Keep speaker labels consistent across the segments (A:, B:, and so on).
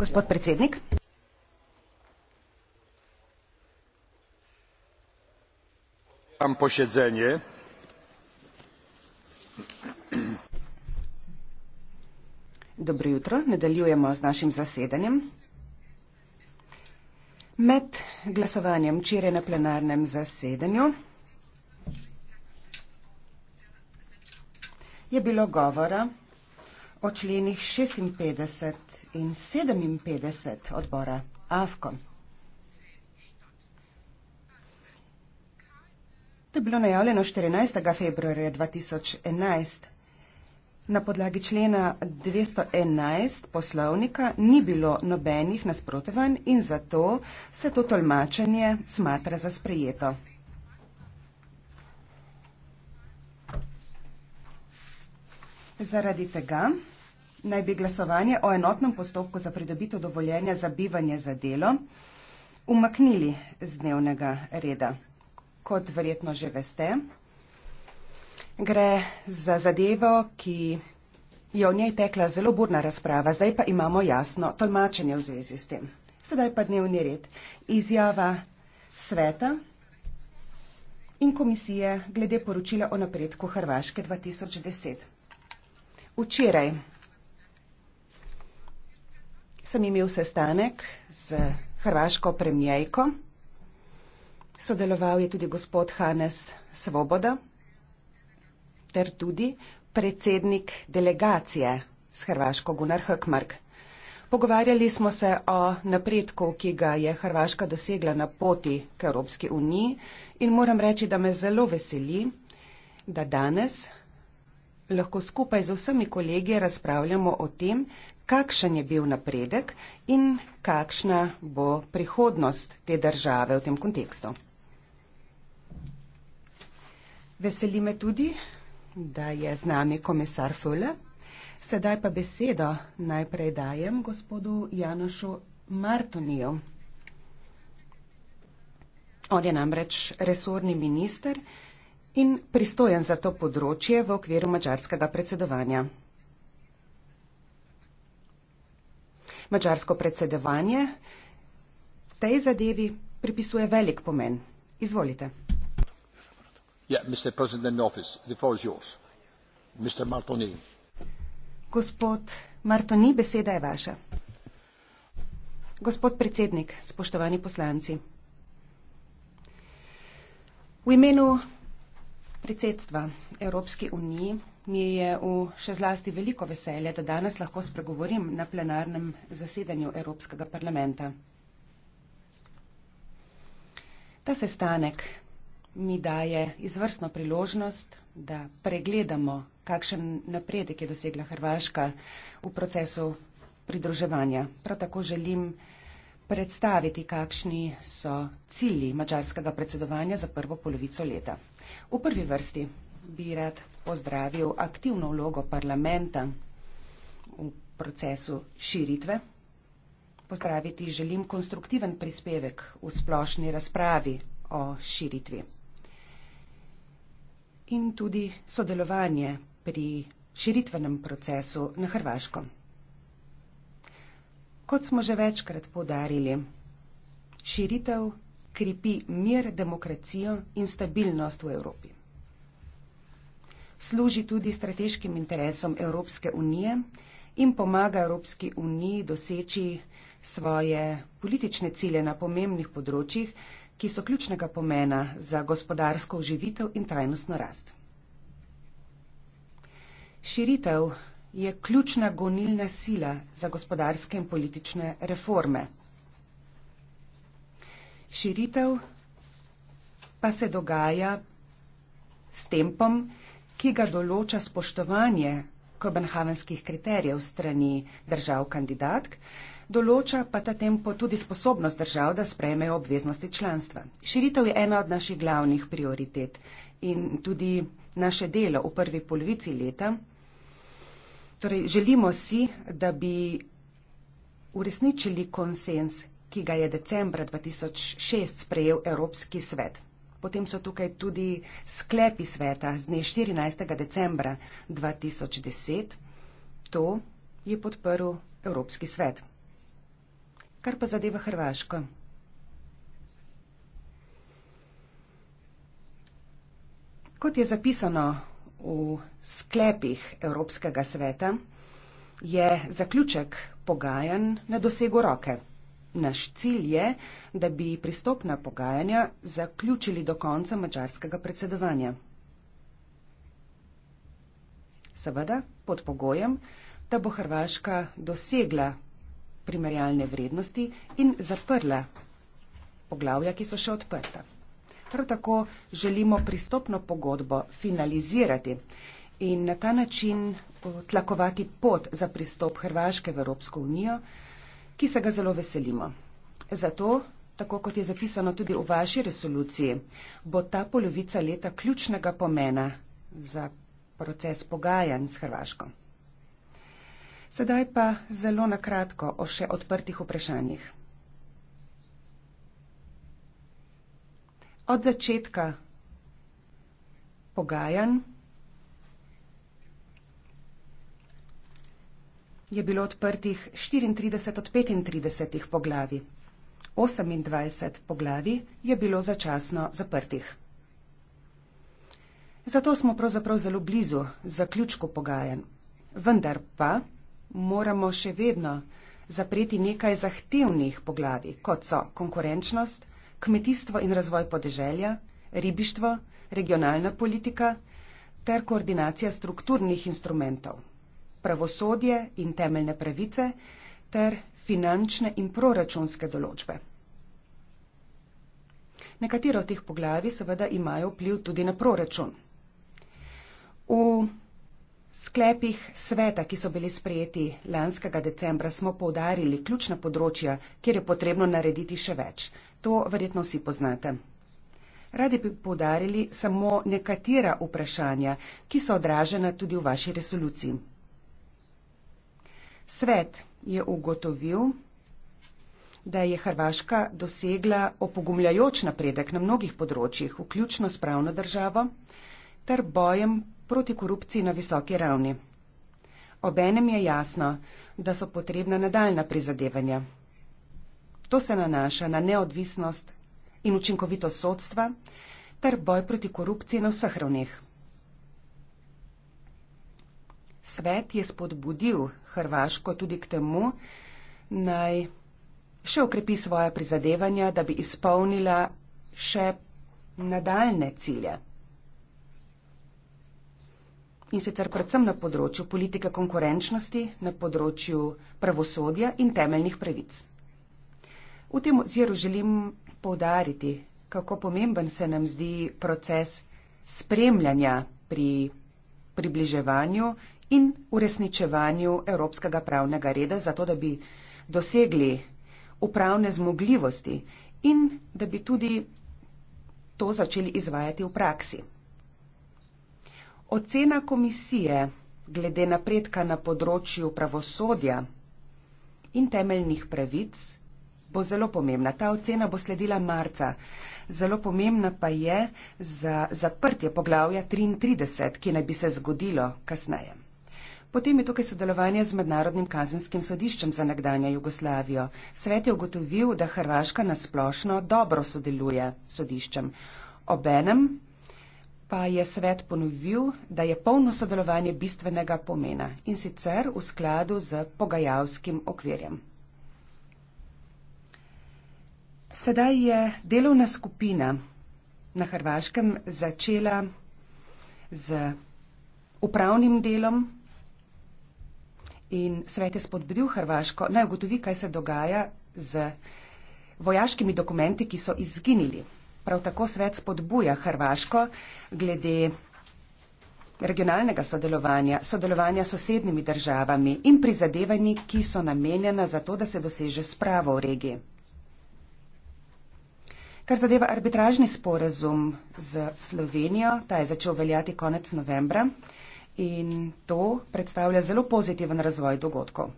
A: Gospod predsednik. Dobro jutro, nadaljujemo z našim zasedanjem. Med glasovanjem včeraj na plenarnem zasedanju je bilo govora o členih 56 in 57 odbora AFKO. To je bilo najavljeno 14. februarja 2011. Na podlagi člena 211 poslovnika ni bilo nobenih nasprotovanj in zato se to tolmačenje smatra za sprejeto. Zaradi tega naj bi glasovanje o enotnem postopku za pridobitev dovoljenja za bivanje za delo umaknili z dnevnega reda. Kot verjetno že veste, gre za zadevo, ki je o njej tekla zelo burna razprava, zdaj pa imamo jasno tolmačenje v zvezi s tem. Sedaj pa dnevni red. Izjava sveta in komisije glede poročila o napredku Hrvaške 2010. Včeraj sem imel sestanek z hrvaško premijejko. Sodeloval je tudi gospod Hanes Svoboda ter tudi predsednik delegacije s Hrvaško Gunnar Hökmark. Pogovarjali smo se o napredku, ki ga je Hrvaška dosegla na poti k Evropski uniji in moram reči, da me zelo veseli, da danes lahko skupaj z vsemi kolegi razpravljamo o tem, kakšen je bil napredek in kakšna bo prihodnost te države v tem kontekstu. Veseli me tudi, da je z nami komisar Fule. Sedaj pa besedo najprej dajem gospodu Janošu Martoniju. On je namreč resorni minister in pristojen za to področje v okviru mačarskega predsedovanja. Mačarsko predsedovanje tej zadevi pripisuje velik pomen. Izvolite. Ja, Gospod Martoni, beseda je vaša. Gospod predsednik, spoštovani poslanci. V imenu predsedstva Evropske unije Mi je v še zlasti veliko veselje, da danes lahko spregovorim na plenarnem zasedanju Evropskega parlamenta. Ta sestanek mi daje izvrstno priložnost, da pregledamo, kakšen napredek je dosegla Hrvaška v procesu pridruževanja. Prav tako želim predstaviti, kakšni so cilji mačarskega predsedovanja za prvo polovico leta. V prvi vrsti bi rad pozdravil aktivno vlogo parlamenta v procesu širitve. Pozdraviti želim konstruktiven prispevek v splošni razpravi o širitvi in tudi sodelovanje pri širitvenem procesu na Hrvaškem. Kot smo že večkrat podarili, širitev krepi mir, demokracijo in stabilnost v Evropi služi tudi strateškim interesom Evropske unije in pomaga Evropski uniji doseči svoje politične cilje na pomembnih področjih, ki so ključnega pomena za gospodarsko oživitev in trajnostno rast. Širitev je ključna gonilna sila za gospodarske in politične reforme. Širitev pa se dogaja s tempom, ki ga določa spoštovanje kopenhavenskih kriterijev strani držav kandidatk, določa pa ta tempo tudi sposobnost držav, da sprejmejo obveznosti članstva. Širitev je ena od naših glavnih prioritet in tudi naše delo v prvi polovici leta. Torej, želimo si, da bi uresničili konsens, ki ga je decembra 2006 sprejel Evropski svet. Potem so tukaj tudi sklepi sveta z dne 14. decembra 2010. To je podprl Evropski svet. Kar pa zadeva Hrvaško. Kot je zapisano v sklepih Evropskega sveta, je zaključek pogajanj na dosegu roke. Naš cilj je, da bi pristopna pogajanja zaključili do konca mačarskega predsedovanja. Seveda pod pogojem, da bo Hrvaška dosegla primerjalne vrednosti in zaprla poglavja, ki so še odprta. Prav tako želimo pristopno pogodbo finalizirati in na ta način tlakovati pot za pristop Hrvaške v Evropsko unijo ki se ga zelo veselimo. Zato, tako kot je zapisano tudi v vaši resoluciji, bo ta polovica leta ključnega pomena za proces pogajanj s Hrvaško. Sedaj pa zelo na kratko o še odprtih vprašanjih. Od začetka pogajanj je bilo odprtih 34 od 35 poglavi, 28 poglavi je bilo začasno zaprtih. Zato smo pravzaprav zelo blizu zaključku pogajanj. Vendar pa moramo še vedno zapreti nekaj zahtevnih poglavi, kot so konkurenčnost, kmetijstvo in razvoj podeželja, ribištvo, regionalna politika ter koordinacija strukturnih instrumentov pravosodje in temeljne pravice ter finančne in proračunske določbe. Nekatere od teh poglavi seveda imajo vpliv tudi na proračun. V sklepih sveta, ki so bili sprejeti lanskega decembra, smo poudarili ključna področja, kjer je potrebno narediti še več. To verjetno vsi poznate. Radi bi poudarili samo nekatera vprašanja, ki so odražena tudi v vaši resoluciji. Svet je ugotovil, da je Hrvaška dosegla opogumljajoč napredek na mnogih področjih, vključno s pravno državo ter bojem proti korupciji na visoki ravni. Obenem je jasno, da so potrebna nadaljna prizadevanja. To se nanaša na neodvisnost in učinkovitost sodstva ter boj proti korupciji na vseh ravneh svet je spodbudil Hrvaško tudi k temu, naj še okrepi svoje prizadevanja, da bi izpolnila še nadaljne cilje. In sicer predvsem na področju politike konkurenčnosti, na področju pravosodja in temeljnih pravic. V tem oziru želim povdariti, kako pomemben se nam zdi proces spremljanja pri približevanju in uresničevanju evropskega pravnega reda, zato da bi dosegli upravne zmogljivosti in da bi tudi to začeli izvajati v praksi. Ocena komisije glede napredka na področju pravosodja in temeljnih pravic bo zelo pomembna. Ta ocena bo sledila marca. Zelo pomembna pa je za zaprtje poglavja 33, ki naj bi se zgodilo kasneje. Potem je tukaj sodelovanje z Mednarodnim kazenskim sodiščem za nekdanjo Jugoslavijo. Svet je ugotovil, da Hrvaška nasplošno dobro sodeluje s sodiščem. Obenem pa je svet ponovil, da je polno sodelovanje bistvenega pomena in sicer v skladu z pogajalskim okvirjem. Sedaj je delovna skupina na Hrvaškem začela z upravnim delom, in svet je spodbudil Hrvaško, naj ugotovi, kaj se dogaja z vojaškimi dokumenti, ki so izginili. Prav tako svet spodbuja Hrvaško glede regionalnega sodelovanja, sodelovanja s sosednjimi državami in prizadevanji, ki so namenjena za to, da se doseže spravo v regiji. Kar zadeva arbitražni sporazum z Slovenijo, ta je začel veljati konec novembra in to predstavlja zelo pozitiven razvoj dogodkov.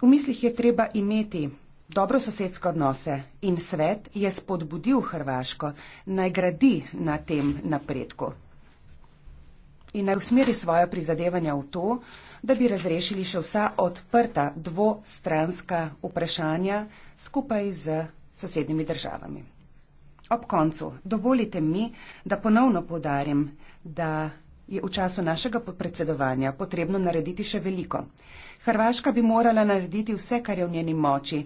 A: V mislih je treba imeti dobro sosedske odnose in svet je spodbudil Hrvaško naj gradi na tem napredku in naj usmeri svoje prizadevanja v to, da bi razrešili še vsa odprta dvostranska vprašanja skupaj z sosednjimi državami. Ob koncu dovolite mi, da ponovno podarim, da je v času našega predsedovanja potrebno narediti še veliko. Hrvaška bi morala narediti vse, kar je v njeni moči,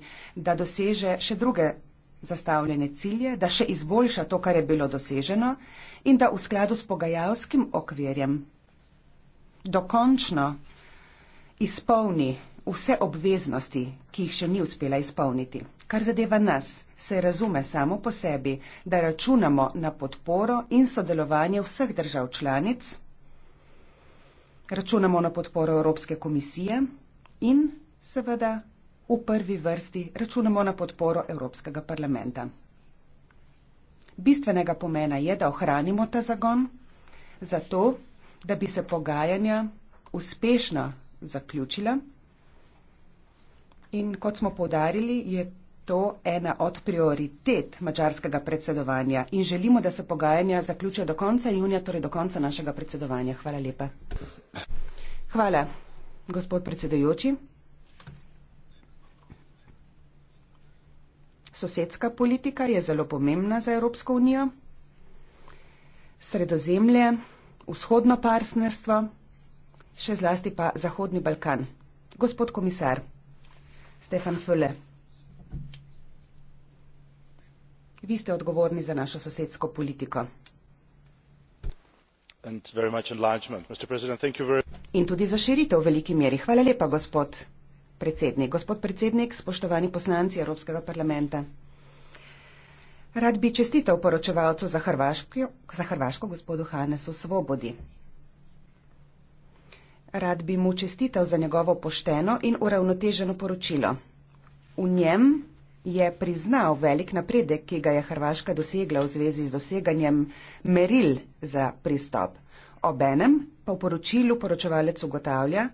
A: da doseže še druge zastavljene cilje, da še izboljša to, kar je bilo doseženo in da v skladu s pogajalskim okvirjem dokončno izpolni vse obveznosti, ki jih še ni uspela izpolniti. Kar zadeva nas, se razume samo po sebi, da računamo na podporo in sodelovanje vseh držav članic, računamo na podporo Evropske komisije in seveda v prvi vrsti računamo na podporo Evropskega parlamenta. Bistvenega pomena je, da ohranimo ta zagon, zato da bi se pogajanja uspešno zaključila. In kot smo povdarili, je to ena od prioritet mačarskega predsedovanja in želimo, da se pogajanja zaključijo do konca junija, torej do konca našega predsedovanja. Hvala lepa. Hvala, gospod predsedujoči. Sosedska politika je zelo pomembna za Evropsko unijo. Sredozemlje, vzhodno partnerstvo, še zlasti pa Zahodni Balkan. Gospod komisar Stefan Fülle. Vi ste odgovorni za našo sosedsko politiko. In tudi za širitev v veliki meri. Hvala lepa, gospod predsednik. Gospod predsednik, spoštovani poslanci Evropskega parlamenta. Rad bi čestitev poročevalcu za Hrvaško, za Hrvaško gospodu Hanesu Svobodi. Rad bi mu čestitev za njegovo pošteno in uravnoteženo poročilo. V njem je priznal velik napredek, ki ga je Hrvaška dosegla v zvezi z doseganjem meril za pristop. Obenem pa v poročilu poročevalec ugotavlja,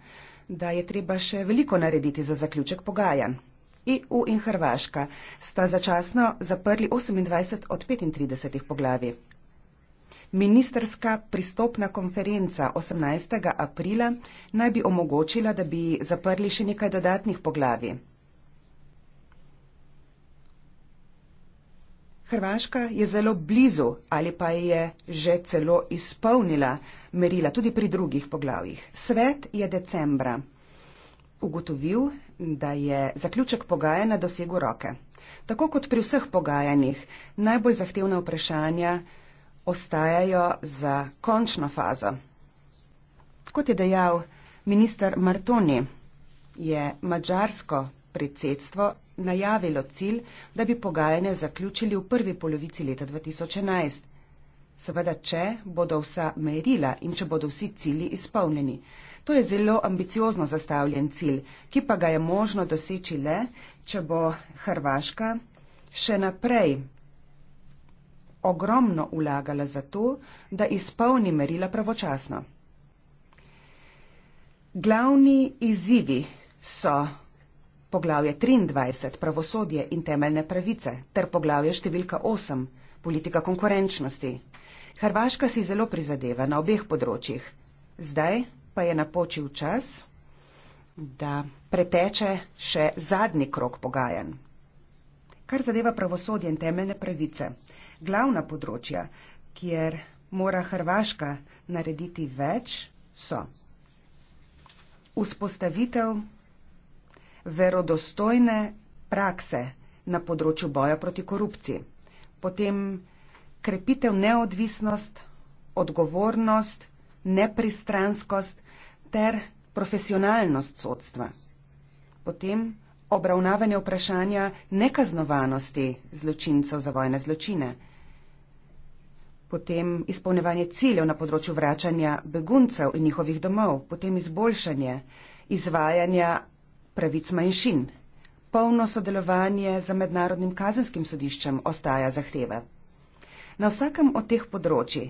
A: da je treba še veliko narediti za zaključek pogajanj. EU in Hrvaška sta začasno zaprli 28 od 35 poglavi. Ministrska pristopna konferenca 18. aprila naj bi omogočila, da bi zaprli še nekaj dodatnih poglavi. Hrvaška je zelo blizu ali pa je že celo izpolnila merila tudi pri drugih poglavjih. Svet je decembra ugotovil, da je zaključek pogajanja dosegel roke. Tako kot pri vseh pogajanjih, najbolj zahtevna vprašanja ostajajo za končno fazo. Kot je dejal minister Martoni, je mađarsko predsedstvo najavilo cilj, da bi pogajanja zaključili v prvi polovici leta 2011. Seveda, če bodo vsa merila in če bodo vsi cilji izpolnjeni. To je zelo ambiciozno zastavljen cilj, ki pa ga je možno doseči le, če bo Hrvaška še naprej ogromno vlagala za to, da izpolni merila pravočasno. Glavni izzivi so poglavje 23 pravosodje in temeljne pravice ter poglavje številka 8 politika konkurenčnosti. Hrvaška si zelo prizadeva na obeh področjih. Zdaj pa je napočil čas, da preteče še zadnji krok pogajanj. Kar zadeva pravosodje in temeljne pravice, glavna področja, kjer mora Hrvaška narediti več, so. Vzpostavitev verodostojne prakse na področju boja proti korupciji. Potem krepitev neodvisnost, odgovornost, nepristranskost ter profesionalnost sodstva. Potem obravnavanje vprašanja nekaznovanosti zločincev za vojne zločine. Potem izpolnevanje ciljev na področju vračanja beguncev in njihovih domov. Potem izboljšanje izvajanja pravic manjšin. Polno sodelovanje za mednarodnim kazenskim sodiščem ostaja zahteva. Na vsakem od teh področji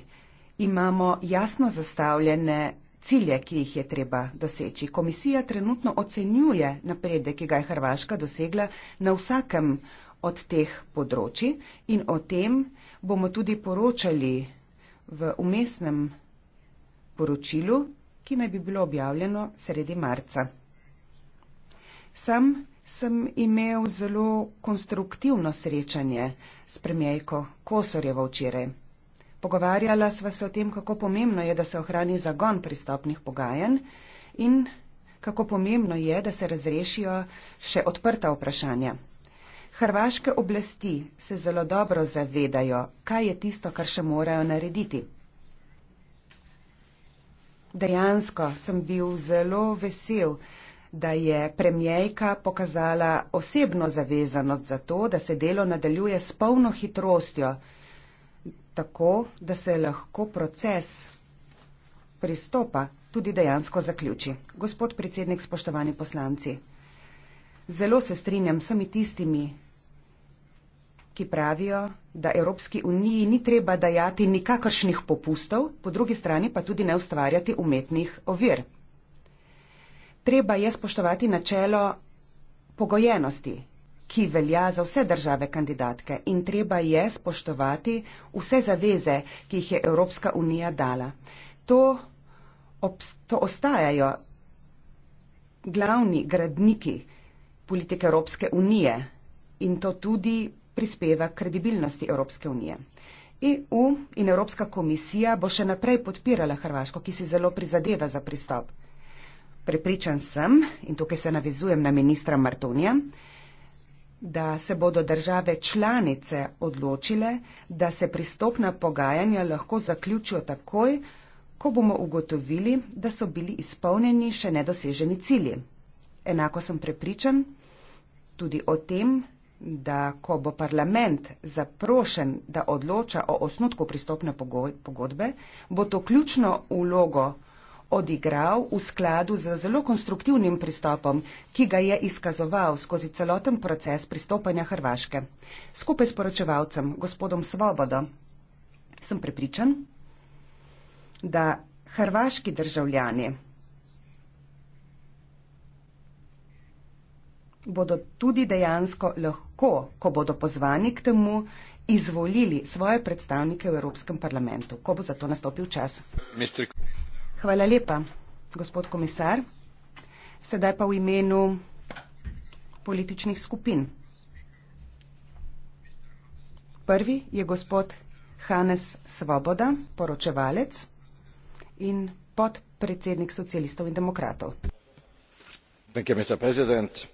A: imamo jasno zastavljene cilje, ki jih je treba doseči. Komisija trenutno ocenjuje napredek, ki ga je Hrvaška dosegla na vsakem od teh področji in o tem bomo tudi poročali v umestnem poročilu, ki naj bi bilo objavljeno sredi marca. Sam sem imel zelo konstruktivno srečanje s premijejko Kosorjevo včeraj. Pogovarjala sva se o tem, kako pomembno je, da se ohrani zagon pristopnih pogajanj in kako pomembno je, da se razrešijo še odprta vprašanja. Hrvaške oblasti se zelo dobro zavedajo, kaj je tisto, kar še morajo narediti. Dejansko sem bil zelo vesel, da je premijejka pokazala osebno zavezanost za to, da se delo nadaljuje s polno hitrostjo, tako da se lahko proces pristopa tudi dejansko zaključi. Gospod predsednik, spoštovani poslanci, zelo se strinjam s vsemi tistimi, ki pravijo, da Evropski uniji ni treba dajati nikakršnih popustov, po drugi strani pa tudi ne ustvarjati umetnih ovir treba je spoštovati načelo pogojenosti, ki velja za vse države kandidatke in treba je spoštovati vse zaveze, ki jih je Evropska unija dala. To, to ostajajo glavni gradniki politike Evropske unije in to tudi prispeva k kredibilnosti Evropske unije. EU in Evropska komisija bo še naprej podpirala Hrvaško, ki si zelo prizadeva za pristop. Prepričan sem, in tukaj se navizujem na ministra Martonija, da se bodo države članice odločile, da se pristopna pogajanja lahko zaključijo takoj, ko bomo ugotovili, da so bili izpolnjeni še nedoseženi cilji. Enako sem prepričan tudi o tem, da ko bo parlament zaprošen, da odloča o osnutku pristopne pogodbe, bo to ključno ulogo odigral v skladu z zelo konstruktivnim pristopom, ki ga je izkazoval skozi celoten proces pristopanja Hrvaške. Skupaj s poročevalcem, gospodom Svobodo, sem prepričan, da hrvaški državljani bodo tudi dejansko lahko, ko bodo pozvani k temu, izvolili svoje predstavnike v Evropskem parlamentu, ko bo za to nastopil čas. Mister... Hvala lepa, gospod komisar. Sedaj pa v imenu političnih skupin. Prvi je gospod Hanes Svoboda, poročevalec in podpredsednik socialistov in demokratov.
B: Thank you, Mr. President.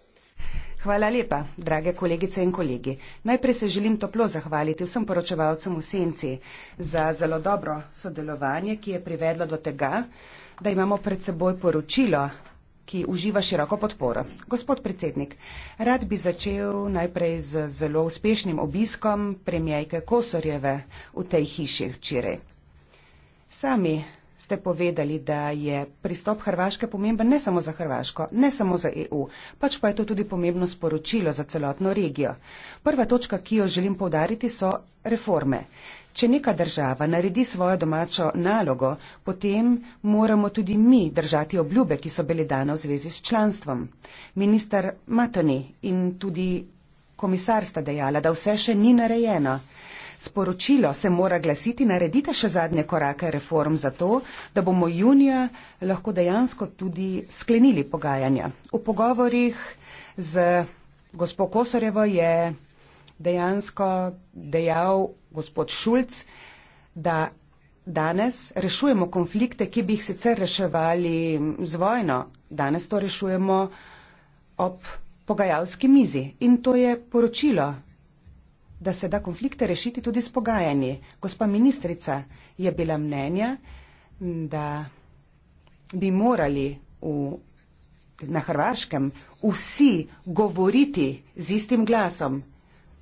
A: Hvala lepa, drage kolegice in kolegi. Najprej se želim toplo zahvaliti vsem poročevalcem v Senci za zelo dobro sodelovanje, ki je privedlo do tega, da imamo pred seboj poročilo, ki uživa široko podporo. Gospod predsednik, rad bi začel najprej z zelo uspešnim obiskom premijajke Kosorjeve v tej hiši včeraj. Sami ste povedali, da je pristop Hrvaške pomemben ne samo za Hrvaško, ne samo za EU, pač pa je to tudi pomembno sporočilo za celotno regijo. Prva točka, ki jo želim povdariti, so reforme. Če neka država naredi svojo domačo nalogo, potem moramo tudi mi držati obljube, ki so bile dane v zvezi s članstvom. Ministr Matoni in tudi komisar sta dejala, da vse še ni narejeno. Sporočilo se mora glasiti, naredite še zadnje korake reform za to, da bomo junija lahko dejansko tudi sklenili pogajanja. V pogovorih z gospod Kosorjevo je dejansko dejal gospod Šulc, da danes rešujemo konflikte, ki bi jih sicer reševali z vojno, danes to rešujemo ob pogajalski mizi. In to je poročilo da se da konflikte rešiti tudi s pogajanji. Gospa ministrica je bila mnenja, da bi morali v, na Hrvaškem vsi govoriti z istim glasom.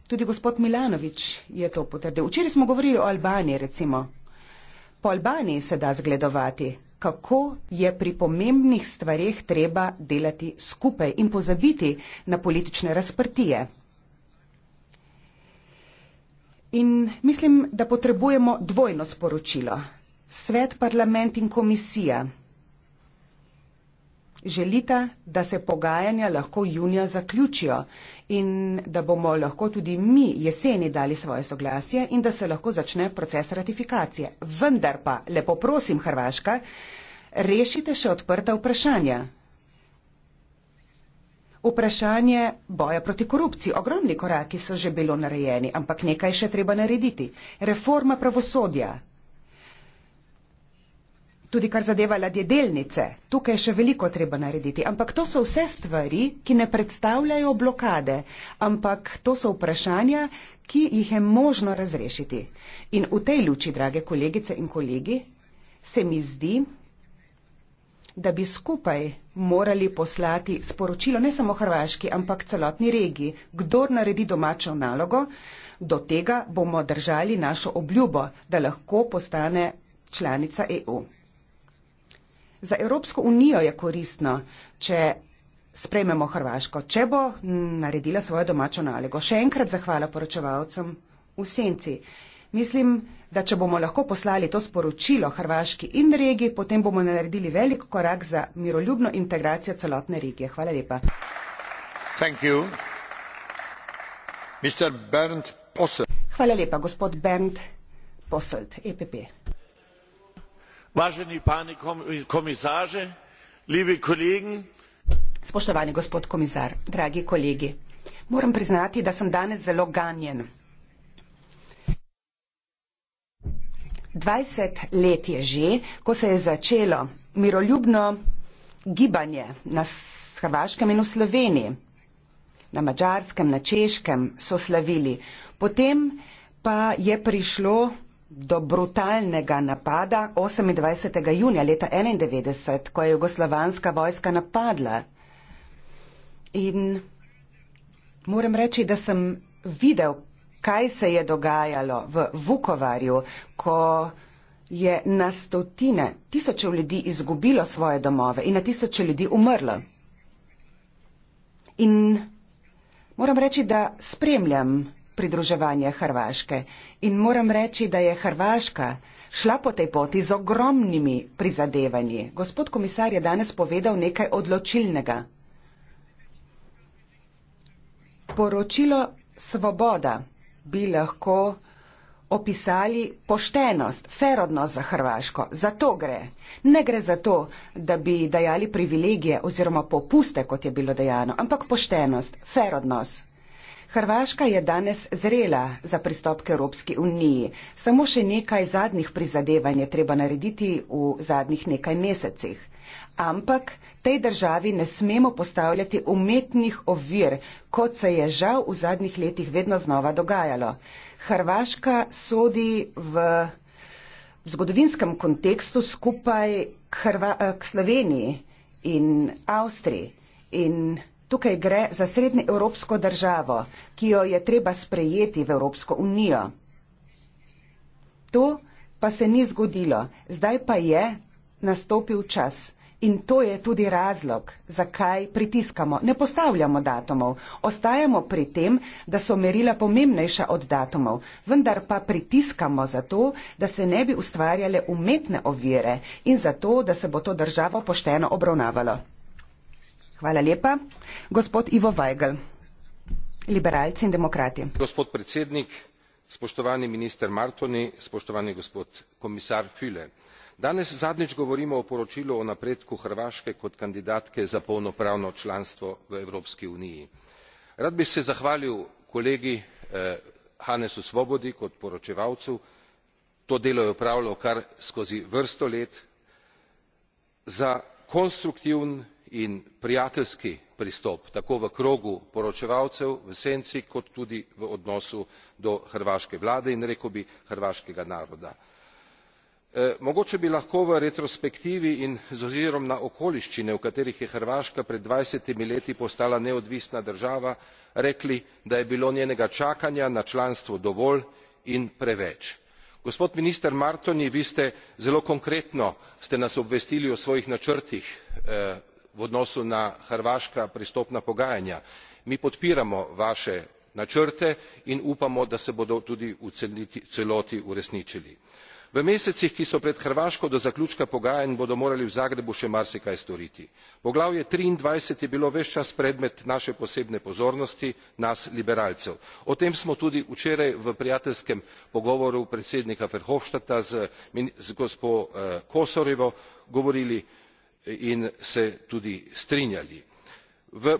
A: Tudi gospod Milanovič je to potrdil. Včeraj smo govorili o Albaniji, recimo. Po Albaniji se da zgledovati, kako je pri pomembnih stvarih treba delati skupaj in pozabiti na politične razprtije. In mislim, da potrebujemo dvojno sporočilo. Svet, parlament in komisija želita, da se pogajanja lahko junija zaključijo in da bomo lahko tudi mi jeseni dali svoje soglasje in da se lahko začne proces ratifikacije. Vendar pa, lepo prosim, Hrvaška, rešite še odprta vprašanja. Vprašanje boja proti korupciji. Ogromni koraki so že bilo narejeni, ampak nekaj še treba narediti. Reforma pravosodja. Tudi kar zadeva ladje delnice, tukaj še veliko treba narediti. Ampak to so vse stvari, ki ne predstavljajo blokade, ampak to so vprašanja, ki jih je možno razrešiti. In v tej luči, drage kolegice in kolegi, se mi zdi, da bi skupaj morali poslati sporočilo ne samo Hrvaški, ampak celotni regiji. Kdor naredi domačo nalogo, do tega bomo držali našo obljubo, da lahko postane članica EU. Za Evropsko unijo je koristno, če sprejmemo Hrvaško, če bo naredila svojo domačo nalogo. Še enkrat zahvala poročevalcem v senci. Mislim, da če bomo lahko poslali to sporočilo Hrvaški in regiji, potem bomo naredili velik korak za miroljubno integracijo celotne regije. Hvala lepa. Hvala lepa, gospod Bernd Posselt, EPP. Spoštovani gospod komisar, dragi kolegi, moram priznati, da sem danes zelo ganjen. 20 let je že, ko se je začelo miroljubno gibanje na Hrvaškem in v Sloveniji. Na Mačarskem, na Češkem so slavili. Potem pa je prišlo do brutalnega napada 28. junija leta 1991, ko je jugoslovanska vojska napadla. In moram reči, da sem videl kaj se je dogajalo v Vukovarju, ko je na stotine, tisoče ljudi izgubilo svoje domove in na tisoče ljudi umrlo. In moram reči, da spremljam pridruževanje Hrvaške in moram reči, da je Hrvaška šla po tej poti z ogromnimi prizadevanji. Gospod komisar je danes povedal nekaj odločilnega. Poročilo Svoboda bi lahko opisali poštenost, ferodnost za Hrvaško. Za to gre. Ne gre za to, da bi dajali privilegije oziroma popuste, kot je bilo dejano, ampak poštenost, ferodnost. Hrvaška je danes zrela za pristop k Evropski uniji. Samo še nekaj zadnjih prizadevanj je treba narediti v zadnjih nekaj mesecih. Ampak tej državi ne smemo postavljati umetnih ovir, kot se je žal v zadnjih letih vedno znova dogajalo. Hrvaška sodi v zgodovinskem kontekstu skupaj k, Hrva k Sloveniji in Avstriji. In tukaj gre za srednje evropsko državo, ki jo je treba sprejeti v Evropsko unijo. To pa se ni zgodilo. Zdaj pa je nastopil čas. In to je tudi razlog, zakaj pritiskamo, ne postavljamo datumov, ostajamo pri tem, da so merila pomembnejša od datumov, vendar pa pritiskamo zato, da se ne bi ustvarjale umetne ovire in zato, da se bo to državo pošteno obravnavalo. Hvala lepa. Gospod Ivo Weigl, liberalci in demokrati.
B: Gospod predsednik, spoštovani minister martonyi spoštovani gospod komisar fle danes zadnjič govorimo o poročilu o napredku hrvaške kot kandidatke za polnopravno članstvo v evropski uniji. rad bi se zahvalil kolegi eh, hannesu svobodi kot poročevalcu to delo je opravljal kar skozi vrsto let za konstruktiven in prijateljski pristop tako v krogu poročevalcev v senci kot tudi v odnosu do hrvaške vlade in rekel bi hrvaškega naroda. E, mogoče bi lahko v retrospektivi in z ozirom na okoliščine v katerih je hrvaška pred dvajsetimi leti postala neodvisna država rekli da je bilo njenega čakanja na članstvo dovolj in preveč. gospod minister martonyi vi ste zelo konkretno ste nas obvestili o svojih načrtih e, v odnosu na hrvaška pristopna pogajanja mi podpiramo vaše načrte in upamo da se bodo tudi v celoti uresničili. v mesecih ki so pred hrvaško do zaključka pogajanj bodo morali v zagrebu še marsikaj storiti. poglavje triindvajset je bilo ves čas predmet naše posebne pozornosti nas liberalcev. o tem smo tudi včeraj v prijateljskem pogovoru predsednika verhofstadta z gospo eh, kosorjevo govorili in se tudi strinjali. v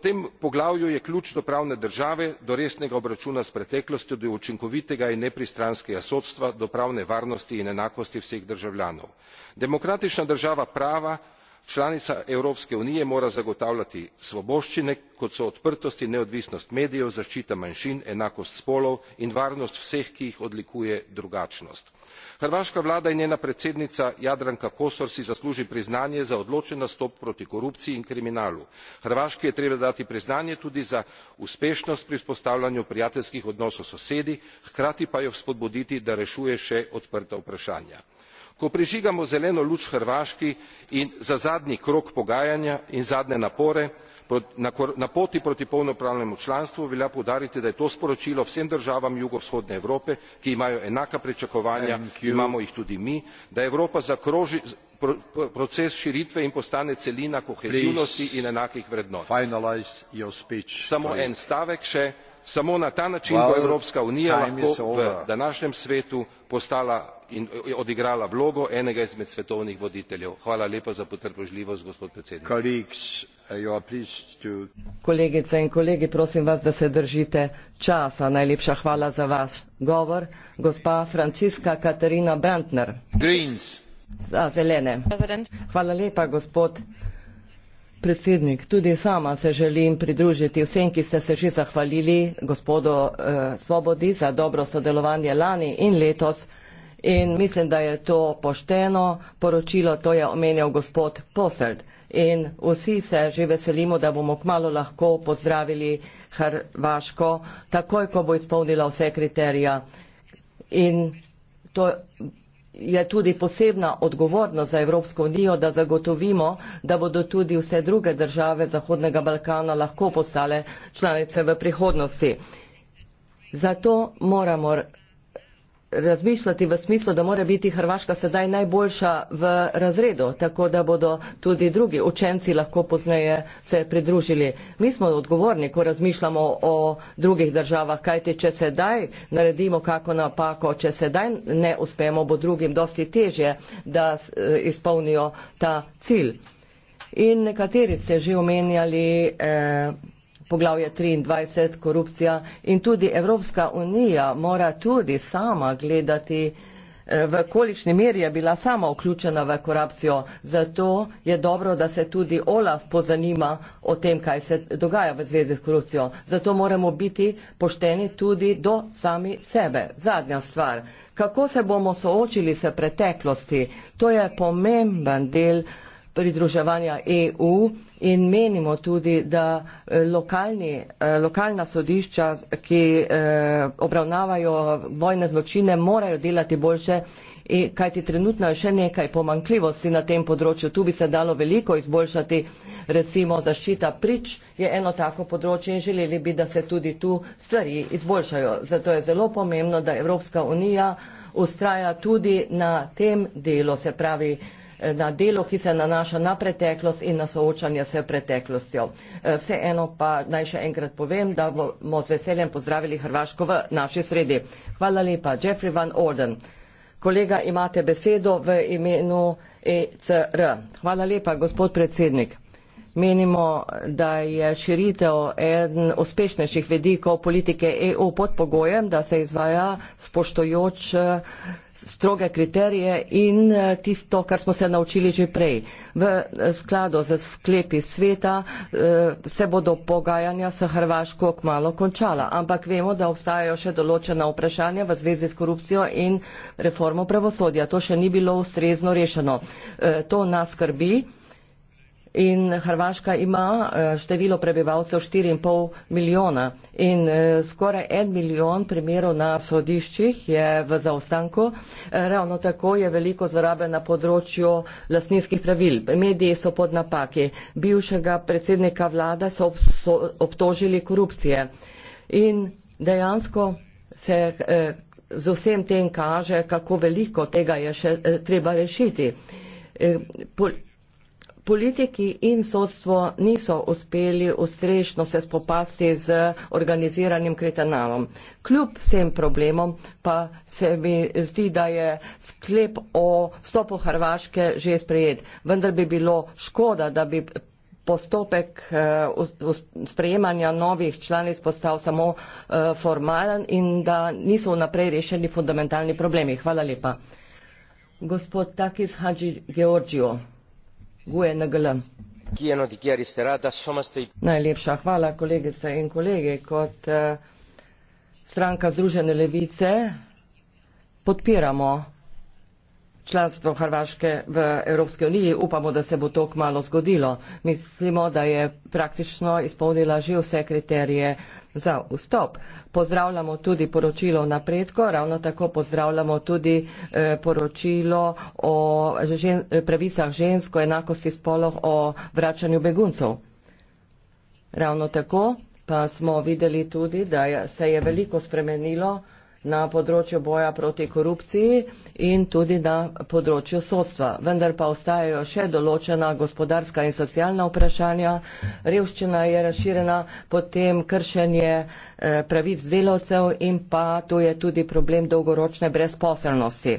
B: tem poglavju je ključ do pravne države do resnega obračuna s preteklostjo do učinkovitega in nepristranskega sodstva do pravne varnosti in enakosti vseh državljanov. demokratična država prava članica evropske unije mora zagotavljati svoboščine kot so odprtost in neodvisnost medijev zaščita manjšin enakost spolov in varnost vseh ki jih odlikuje drugačnost. hrvaška vlada in njena predsednica jadranka kosor si zasluži priznanje za odločen nastop proti korupciji in kriminalu. hrvaški je treba dati priznanje tudi za uspešnost pri vzpostavljanju prijateljskih odnosov s sosedi hkrati pa jo spodbuditi da rešuje še odprta vprašanja ko prižigamo zeleno luč hrvaški in za zadnji krog pogajanja in zadnje napore na poti proti polnopravnemu članstvu velja poudariti da je to sporočilo vsem državam jugovzhodne evrope ki imajo enaka pričakovanja imamo jih tudi mi da evropa zakroži proces širitve in postane celina kohezivnosti in enakih vrednot. samo en stavek še samo na ta način bo evropska unija lahko v današnjem svetu postala in eh, odigrala vlogo enega izmed svetovnih voditeljev. hvala lepa za potrpežljivost gospod predsednik. Uh,
C: kolegice in kolegi prosim vas da se držite časa najlepša hvala za vaš govor gospa francisca katarina brantner. greens. za zelene. President. hvala lepa gospod predsednik tudi sama se želim pridružiti vsem ki ste se že zahvalili gospodu eh, svobodi za dobro sodelovanje lani in letos in mislim, da je to pošteno poročilo, to je omenjal gospod Posselt. In vsi se že veselimo, da bomo kmalo lahko pozdravili Hrvaško, takoj, ko bo izpolnila vse kriterije. In to je tudi posebna odgovornost za Evropsko unijo, da zagotovimo, da bodo tudi vse druge države Zahodnega Balkana lahko postale članice v prihodnosti. Zato moramo razmišljati v smislu, da mora biti Hrvaška sedaj najboljša v razredu, tako da bodo tudi drugi učenci lahko pozneje se pridružili. Mi smo odgovorni, ko razmišljamo o drugih državah, kajti če sedaj naredimo kako napako, če sedaj ne uspemo, bo drugim dosti težje, da eh, izpolnijo ta cilj. In nekateri ste že omenjali. Eh, poglavje 23, korupcija in tudi Evropska unija mora tudi sama gledati, eh, v količni meri je bila sama vključena v korupcijo. Zato je dobro, da se tudi Olaf pozanima o tem, kaj se dogaja v zvezi s korupcijo. Zato moramo biti pošteni tudi do sami sebe. Zadnja stvar. Kako se bomo soočili s preteklosti? To je pomemben del pridruževanja EU in menimo tudi, da eh, lokalni, eh, lokalna sodišča, ki eh, obravnavajo vojne zločine, morajo delati boljše. In e, kajti trenutno je še nekaj pomankljivosti na tem področju, tu bi se dalo veliko izboljšati, recimo zaščita prič je eno tako področje in želeli bi, da se tudi tu stvari izboljšajo. Zato je zelo pomembno, da Evropska unija ustraja tudi na tem delu, se pravi, na delo, ki se nanaša na preteklost in na soočanje s preteklostjo. E, vseeno pa naj še enkrat povem, da bomo z veseljem pozdravili Hrvaško v naši sredi. Hvala lepa. Jeffrey Van Orden. Kolega, imate besedo v imenu ECR. Hvala lepa, gospod predsednik. Menimo, da je širitev eden uspešnejših vedikov politike EU pod pogojem, da se izvaja spoštojoč eh, stroge kriterije in eh, tisto, kar smo se naučili že prej. V eh, skladu z sklepi sveta se bodo pogajanja s Hrvaško kmalo končala, ampak vemo, da obstajajo še določena vprašanja v zvezi s korupcijo in reformo pravosodja. To še ni bilo ustrezno rešeno. To nas skrbi in Hrvaška ima eh, število prebivalcev 4,5 milijona in eh, skoraj en milijon primerov na sodiščih je v zaostanku. Eh, ravno tako je veliko zarabe na področju lasninskih pravil. Mediji so pod napaki. Bivšega predsednika vlade so obtožili korupcije in dejansko se z vsem tem kaže, kako veliko tega je še treba rešiti. Politiki in sodstvo niso uspeli ustrešno se spopasti z organiziranim kretanalom. Kljub vsem problemom pa se mi zdi, da je sklep o stopu Hrvaške že sprejet. Vendar bi bilo škoda, da bi postopek eh, sprejemanja novih članic postal samo eh, formalen in da niso naprej rešeni fundamentalni problemi. Hvala lepa. Gospod Takis Hadži Georgijo. GUE-NGL. Najlepša hvala, kolegice in kolege. Kot eh, stranka Združene levice podpiramo članstvo Hrvaške v Evropske unije. Upamo, da se bo to kmalo zgodilo. Mislimo, da je praktično izpolnila že vse kriterije za vstop. Pozdravljamo tudi poročilo o napredku, ravno tako pozdravljamo tudi eh, poročilo o žen, pravicah žensko, enakosti spolov, o vračanju beguncov. Ravno tako pa smo videli tudi, da se je veliko spremenilo na področju boja proti korupciji in tudi na področju sodstva. Vendar pa ostajajo še določena gospodarska in socialna vprašanja. Revščina je razširjena, potem kršenje eh, pravic delavcev in pa tu je tudi problem dolgoročne brezposelnosti.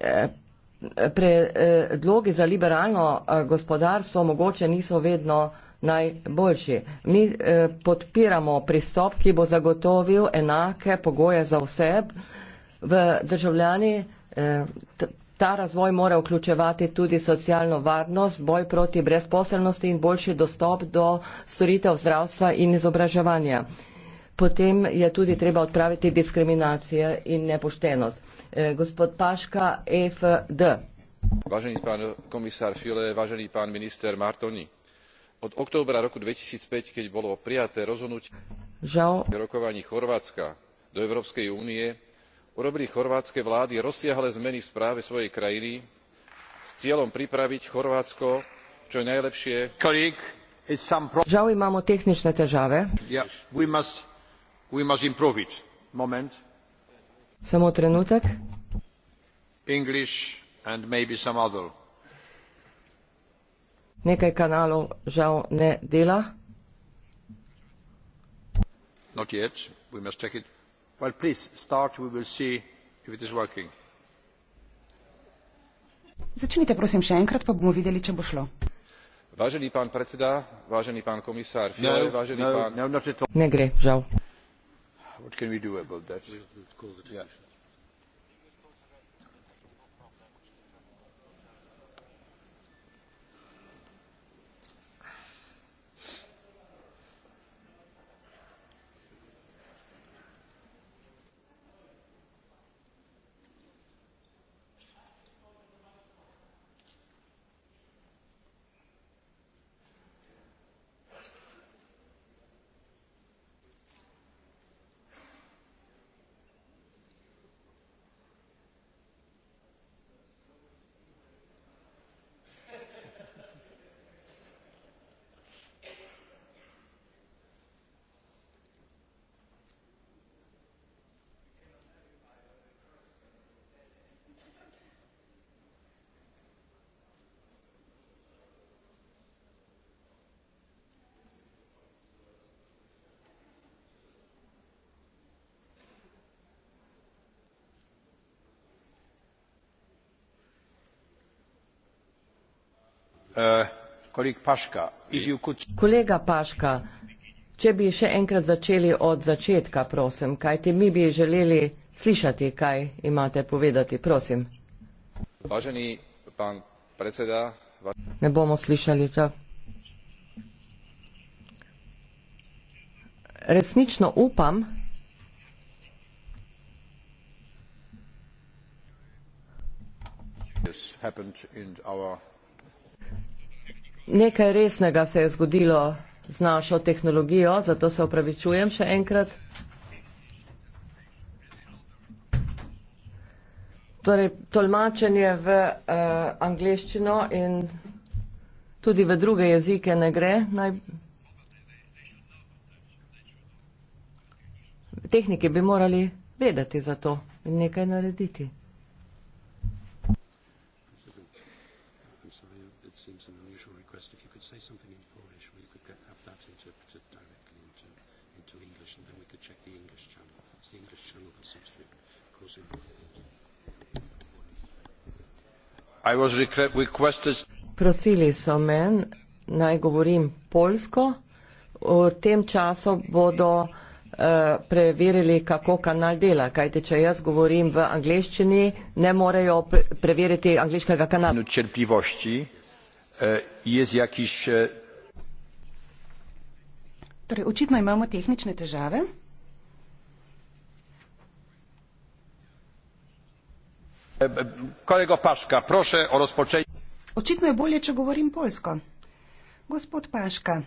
C: Eh, Predlogi eh, za liberalno gospodarstvo mogoče niso vedno najboljši. Mi eh, podpiramo pristop, ki bo zagotovil enake pogoje za vse v državljani. Eh, ta razvoj mora vključevati tudi socialno varnost, boj proti brezposelnosti in boljši dostop do storitev zdravstva in izobraževanja. Potem je tudi treba odpraviti diskriminacije in nepoštenost. Eh, gospod Paška, e FD.
D: Vážený pán komisár File, vážený pán minister Martoni od októbra roku two thousand and five keď bolo prijaté rozhodnutie o rokovaní chorvátska do európskej únie urobili chorvátske vlády rozsiahle zmeny v správe svojej krajiny s cieľom pripraviť chorvátsko na čo najlepšie
C: nekaj kanalov žal ne dela.
D: Not yet. We must check it. Well, please start. We will see if it is working.
A: Začnite prosim še enkrat, pa bomo videli, če bo šlo.
D: Važeni pan predseda, važeni pan komisar, no, fjol, važeni no, pan... No,
A: ne gre, žal.
D: What can we do about that? We'll call the yeah.
E: Eh, Kolega
C: Paška, če bi še enkrat začeli od začetka, prosim, kajti mi bi želeli slišati, kaj imate povedati, prosim.
D: Važeni pan predseda. Važ...
C: Ne bomo slišali, čak. Resnično upam, Nekaj resnega se je zgodilo z našo tehnologijo, zato se opravičujem še enkrat. Torej, tolmačenje v uh, eh, angliščino in tudi v druge jezike ne gre. Naj... Tehniki bi morali vedeti za to in nekaj narediti. Prosili so me, naj govorim polsko. V tem času bodo eh, preverili, kako kanal dela. Kajte, če jaz govorim v angliščini, ne morejo preveriti angliškega kanala.
F: Eh, eh,
A: torej, očitno imamo tehnične težave. očitno je bolje če govorim poljsko gospod paka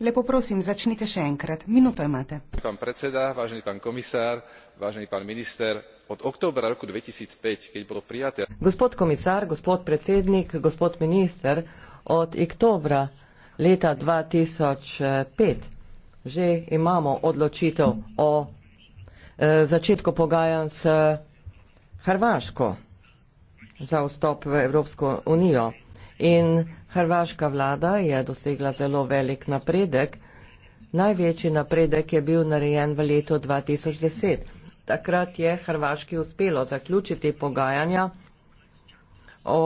A: lepo prosim začnite še enkrat minuto imate.
D: pán predseda vážený pán komisár vážený pán minister od októbra roku two thousand and five keď bolo prijaté.
A: gospod komisár gospod predsednik
C: gospod minister od októbra leta dva tisoč pet že imamo odločitev o eh, začetku pogajanj s Hrvaško za vstop v Evropsko unijo. In hrvaška vlada je dosegla zelo velik napredek. Največji napredek je bil narejen v letu 2010. Takrat je Hrvaški uspelo zaključiti pogajanja o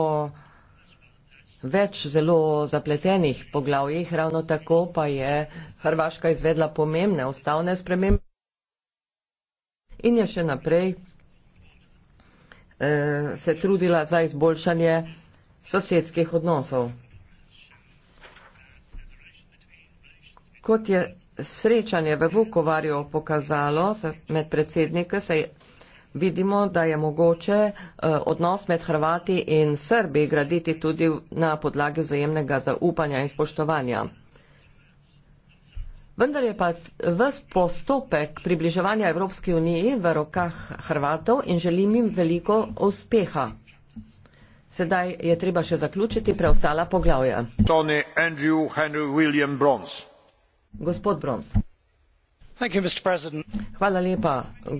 C: več zelo zapletenih poglavjih, ravno tako pa je Hrvaška izvedla pomembne ustavne spremembe in je še naprej eh, se trudila za izboljšanje sosedskih odnosov. Kot je srečanje v Vukovarju pokazalo med predsednike, se je, vidimo, da je mogoče eh, odnos med Hrvati in Srbi graditi tudi na podlagi vzajemnega zaupanja in spoštovanja. Vendar je pa ves postopek približevanja Evropski uniji v rokah Hrvatov in želim jim veliko uspeha. Sedaj je treba še zaključiti preostala poglavja.
D: Tony Andrew Henry William Brons.
C: Gospod Brons. Thank you, Mr. President. Hvala lepa,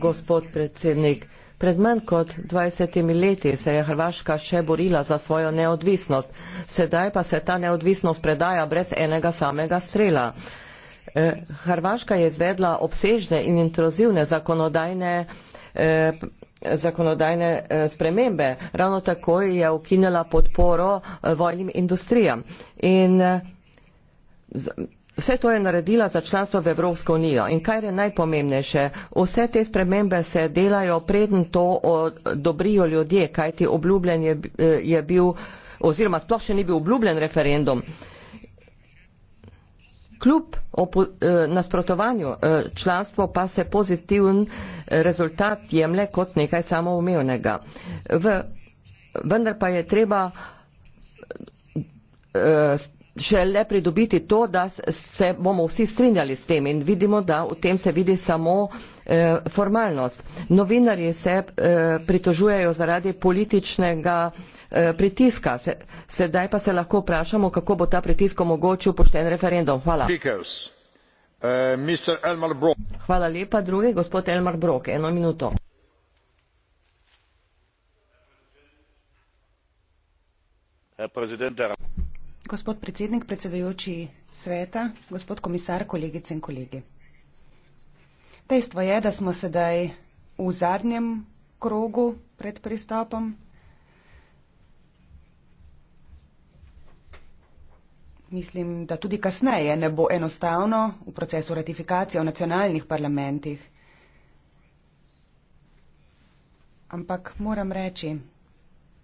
C: gospod predsednik. Pred manj kot 20 leti se je Hrvaška še borila za svojo neodvisnost. Sedaj pa se ta neodvisnost predaja brez enega samega strela. Eh, Hrvaška je izvedla obsežne in intruzivne zakonodajne, eh, zakonodajne eh, spremembe. Ravno tako je ukinila podporo eh, vojnim industrijam. In z, vse to je naredila za članstvo v Evropsko unijo. In kar je najpomembnejše, vse te spremembe se delajo preden to odobrijo ljudje, kajti obljubljen je, je bil oziroma sploh še ni bil obljubljen referendum. Eh, kljub eh, nasprotovanju eh, članstvo pa se pozitiven rezultat jemlje kot nekaj samoumevnega. Vendar pa je treba eh, šele pridobiti to, da se bomo vsi strinjali s tem in vidimo, da v tem se vidi samo eh, formalnost. Novinarji se eh, pritožujejo zaradi političnega eh, pritiska. Se, sedaj pa se lahko vprašamo, kako bo ta pritisk omogočil pošten referendum. Hvala.
D: Eh,
C: Hvala lepa. Drugi, gospod Elmar Brok, eno minuto.
D: Herr Präsident der Rat
A: gospod predsednik, predsedujoči sveta, gospod komisar, kolegice in kolegi. Dejstvo je, da smo sedaj v zadnjem krogu pred pristopom. Mislim, da tudi kasneje ne bo enostavno v procesu ratifikacije v nacionalnih parlamentih. Ampak moram reči,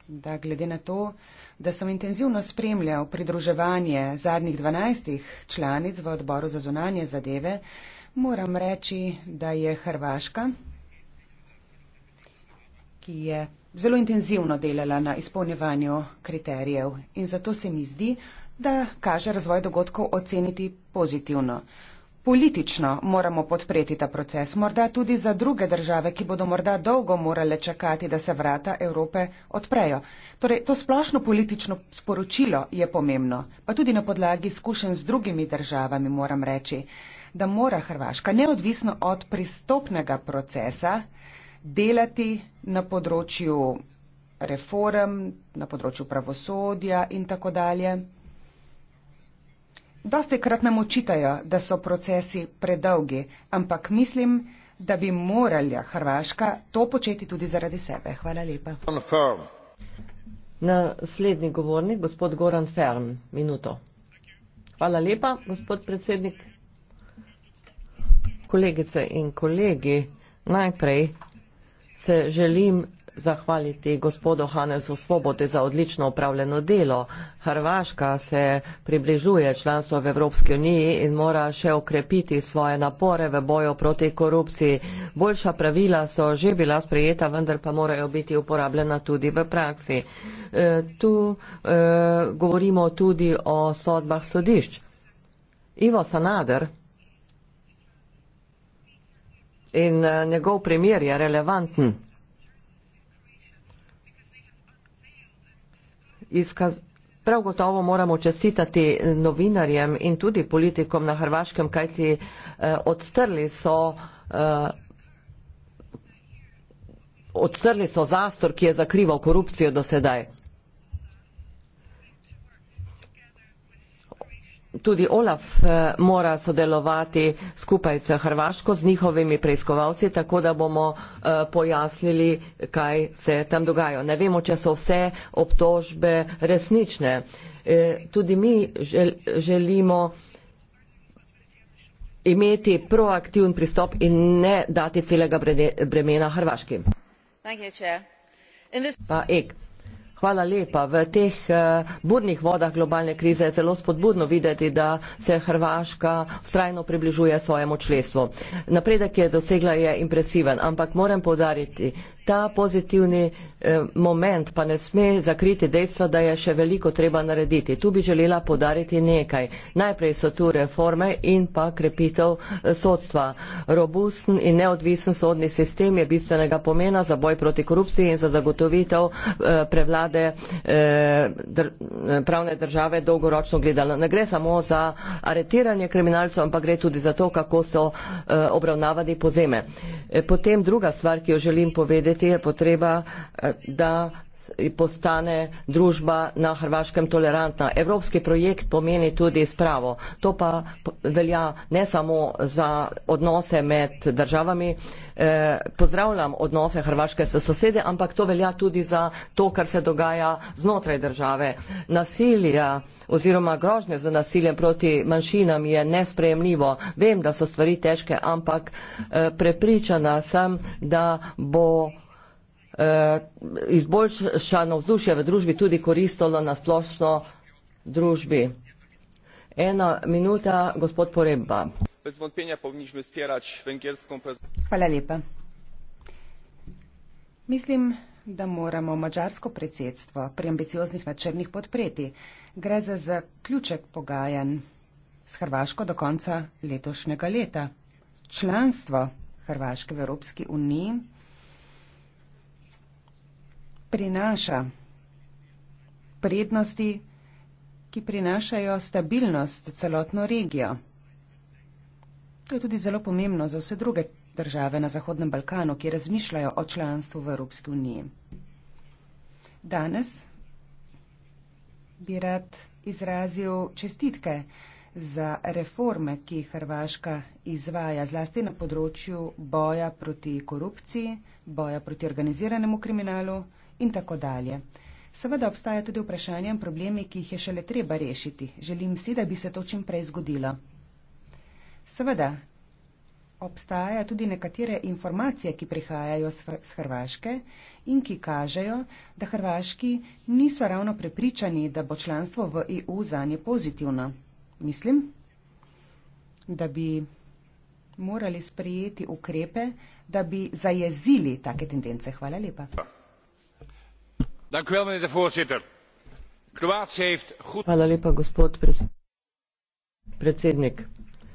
A: da glede na to, da sem intenzivno spremljal pridruževanje zadnjih dvanajstih članic v odboru za zunanje zadeve, moram reči, da je Hrvaška, ki je zelo intenzivno delala na izpolnjevanju kriterijev in zato se mi zdi, da kaže razvoj dogodkov oceniti pozitivno. Politično moramo podpreti ta proces, morda tudi za druge države, ki bodo morda dolgo morale čakati, da se vrata Evrope odprejo. Torej, to splošno politično sporočilo je pomembno, pa tudi na podlagi izkušenj z drugimi državami moram reči, da mora Hrvaška neodvisno od pristopnega procesa delati na področju reform, na področju pravosodja in tako dalje. Dosti krat nam očitajo, da so procesi predolgi, ampak mislim, da bi morala Hrvaška to početi tudi zaradi sebe. Hvala lepa. Naslednji govornik, gospod
C: Goran Ferm, minuto. Hvala lepa, gospod predsednik. Kolegice in kolegi, najprej se želim zahvaliti gospodu Hanesu Svobode za odlično upravljeno delo. Hrvaška se približuje članstvo v Evropski uniji in mora še okrepiti svoje napore v boju proti korupciji. Boljša pravila so že bila sprejeta, vendar pa morajo biti uporabljena tudi v praksi. E, tu e, govorimo tudi o sodbah sodišč. Ivo Sanader. In e, njegov primer je relevanten. izkaz. Prav gotovo moramo čestitati novinarjem in tudi politikom na Hrvaškem, kajti eh, odstrli so. Eh, Odstrli so zastor, ki je zakrival korupcijo do sedaj. tudi Olaf eh, mora sodelovati skupaj s Hrvaško, z njihovimi preiskovalci, tako da bomo eh, pojasnili, kaj se tam dogaja. Ne vemo, če so vse obtožbe resnične. Eh, tudi mi žel, želimo imeti proaktivn pristop in ne dati celega bremena Hrvaški. Pa Ek. Hvala lepa. V teh eh, burnih vodah globalne krize je zelo spodbudno videti, da se Hrvaška vztrajno približuje svojemu členstvu. Napredek, ki je dosegla, je impresiven, ampak moram povdariti, ta pozitivni eh, moment pa ne sme zakriti dejstva, da je še veliko treba narediti. Tu bi želela podariti nekaj. Najprej so tu reforme in pa krepitev eh, sodstva. Robusten in neodvisen sodni sistem je bistvenega pomena za boj proti korupciji in za zagotovitev eh, prevlade eh, dr eh, pravne države dolgoročno gledala. Ne gre samo za aretiranje kriminalcev, ampak gre tudi za to, kako so eh, obravnavani pozeme. Eh, potem druga stvar, ki jo želim povedati, narediti, je potreba, eh, da postane družba na Hrvaškem tolerantna. Evropski projekt pomeni tudi spravo. To pa velja ne samo za odnose med državami. Eh, pozdravljam odnose Hrvaške s sosede, ampak to velja tudi za to, kar se dogaja znotraj države. Nasilja oziroma grožnje za nasiljem proti manjšinam je nesprejemljivo. Vem, da so stvari težke, ampak eh, prepričana sem, da bo eh, izboljšano vzdušje v družbi tudi koristilo na splošno družbi. Ena minuta, gospod Poreba.
A: Hvala lepa. Mislim, da moramo mačarsko predsedstvo pri ambicioznih načrnih podpreti. Gre za zaključek pogajanj s Hrvaško do konca letošnjega leta. Članstvo Hrvaške v Evropski uniji prinaša prednosti, ki prinašajo stabilnost celotno regijo. To je tudi zelo pomembno za vse druge države na Zahodnem Balkanu, ki razmišljajo o članstvu v Evropski uniji. Danes bi rad izrazil čestitke za reforme, ki Hrvaška izvaja, zlasti na področju boja proti korupciji, boja proti organiziranemu kriminalu in tako dalje. Seveda obstaja tudi vprašanje in problemi, ki jih je šele treba rešiti. Želim si, da bi se to čim prej zgodilo. Seveda obstaja tudi nekatere informacije, ki prihajajo z Hrvaške in ki kažejo, da Hrvaški niso ravno prepričani, da bo članstvo v EU zanje pozitivno. Mislim, da bi morali sprejeti ukrepe, da bi zajezili take tendence. Hvala lepa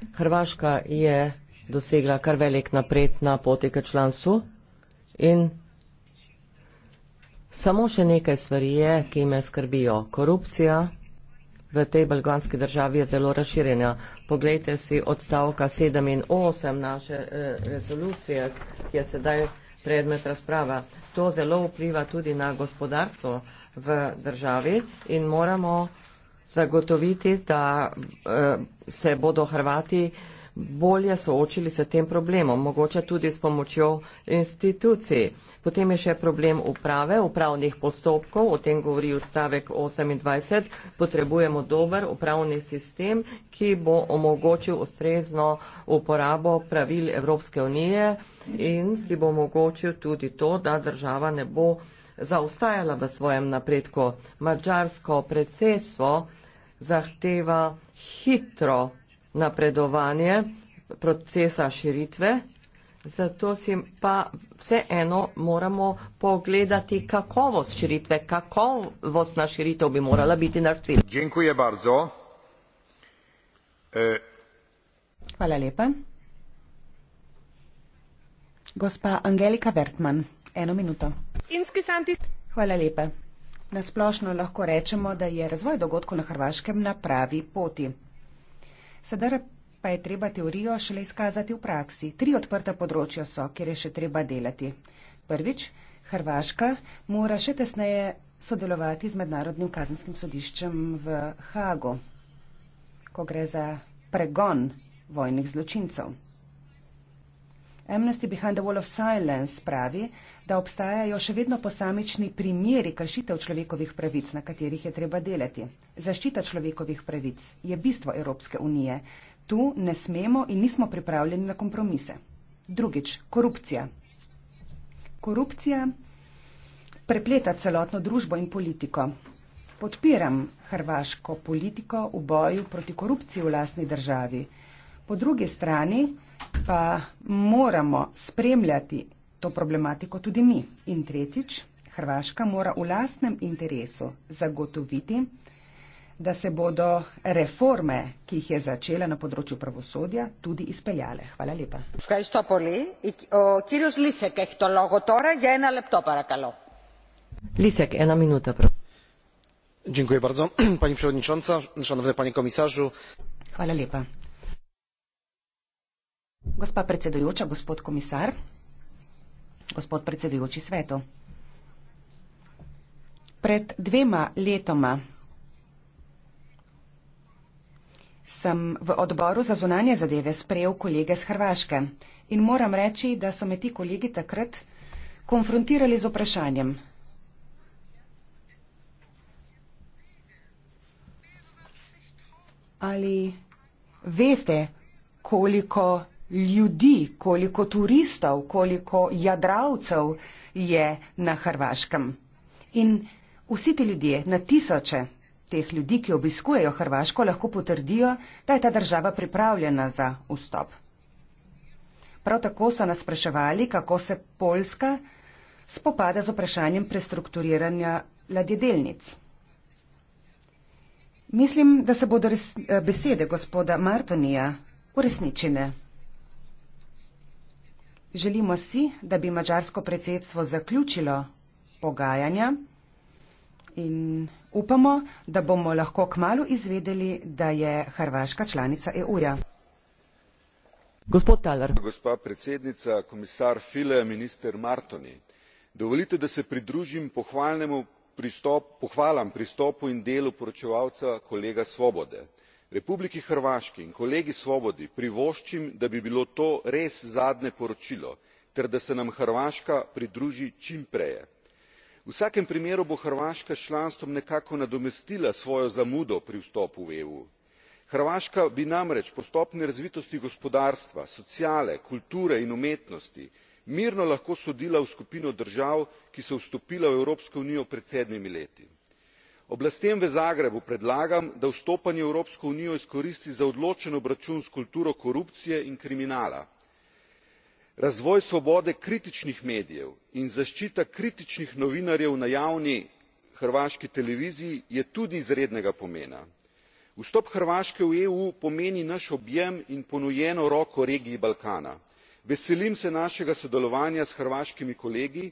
C: hrvaška je dosegla kar velik napred na poti k članstvu in samo še nekaj stvari je ki me skrbijo korupcija v tej balkanski državi je zelo razširjena poglejte si odstavka sedem in osem naše eh, resolucije ki je sedaj predmet razprava. To zelo vpliva tudi na gospodarstvo v državi in moramo zagotoviti, da eh, se bodo Hrvati uh, bolje soočili s tem problemom, mogoče tudi s pomočjo institucij. Potem je še problem uprave, upravnih postopkov, o tem govori ustavek 28. Potrebujemo dober upravni sistem, ki bo omogočil ustrezno uporabo pravil Evropske unije in ki bo omogočil tudi to, da država ne bo zaostajala v svojem napredku. Mačarsko predsedstvo zahteva hitro napredovanje procesa širitve, zato si pa vseeno moramo pogledati kakovost širitve, kakovost na širitev bi morala biti naš cilj.
E: E,
A: Hvala lepa. Gospa Angelika Vertman, eno minuto. Hvala lepa. Na splošno lahko rečemo, da je razvoj dogodkov na Hrvaškem na pravi poti. Sedaj pa je treba teorijo šele izkazati v praksi. Tri odprta področja so, kjer je še treba delati. Prvič, Hrvaška mora še tesneje sodelovati z Mednarodnim kazenskim sodiščem v Hagu, ko gre za pregon vojnih zločincev. Amnesty Behind the Wall of Silence pravi, da da obstajajo še vedno posamični primeri kršitev človekovih pravic, na katerih je treba delati. Zaščita človekovih pravic je bistvo Evropske unije. Tu ne smemo in nismo pripravljeni na kompromise. Drugič, korupcija. Korupcija prepleta celotno družbo in politiko. Podpiram hrvaško politiko v boju proti korupciji v lastni državi. Po drugi strani pa moramo spremljati to problematiko tudi mi. In tretjič, Hrvaška mora v lastnem interesu zagotoviti, da se bodo reforme, ki jih je začela na področju pravosodja, tudi izpeljale. Hvala lepa.
C: Licek, ena minuta, prosim.
F: Dziękuję bardzo, pani przewodnicząca, szanowny panie komisarzu.
A: Hvala lepa. Gospa predsedujoča, gospod komisar gospod predsedujoči svetu. Pred dvema letoma sem v odboru za zunanje zadeve sprejel kolege z Hrvaške in moram reči, da so me ti kolegi takrat konfrontirali z vprašanjem. Ali veste, koliko ljudi, koliko turistov, koliko jadravcev je na Hrvaškem. In vsi ti ljudje, na tisoče teh ljudi, ki obiskujejo Hrvaško, lahko potrdijo, da je ta država pripravljena za vstop. Prav tako so nas spraševali, kako se Poljska spopada z vprašanjem prestrukturiranja ladjedelnic. Mislim, da se bodo res, eh, besede gospoda Martonija uresničene. Želimo si, da bi mačarsko predsedstvo zaključilo pogajanja in upamo, da bomo lahko k malu izvedeli, da je Hrvaška članica EU-ja.
C: Gospod Talar.
E: Gospa predsednica, komisar File, minister Martoni, dovolite, da se pridružim pohvalnemu pristopu, pohvalam pristopu in delu poročevalca kolega Svobode republiki hrvaški in kolegi svobodi privoščim da bi bilo to res zadnje poročilo ter da se nam hrvaška pridruži čim prej. v vsakem primeru bo hrvaška s članstvom nekako nadomestila svojo zamudo pri vstopu v eu. hrvaška bi namreč po stopnji razvitosti gospodarstva sociale kulture in umetnosti mirno lahko sodila v skupino držav ki so vstopile v evropsko unijo pred sedmimi leti oblastem v zagrebu predlagam da vstopanje v evropsko unijo izkoristi za odločen obračun s kulturo korupcije in kriminala. razvoj svobode kritičnih medijev in zaščita kritičnih novinarjev na javni hrvaški televiziji je tudi izrednega pomena. vstop hrvaške v eu pomeni naš objem in ponujeno roko regiji balkana. veselim se našega sodelovanja s hrvaškimi kolegi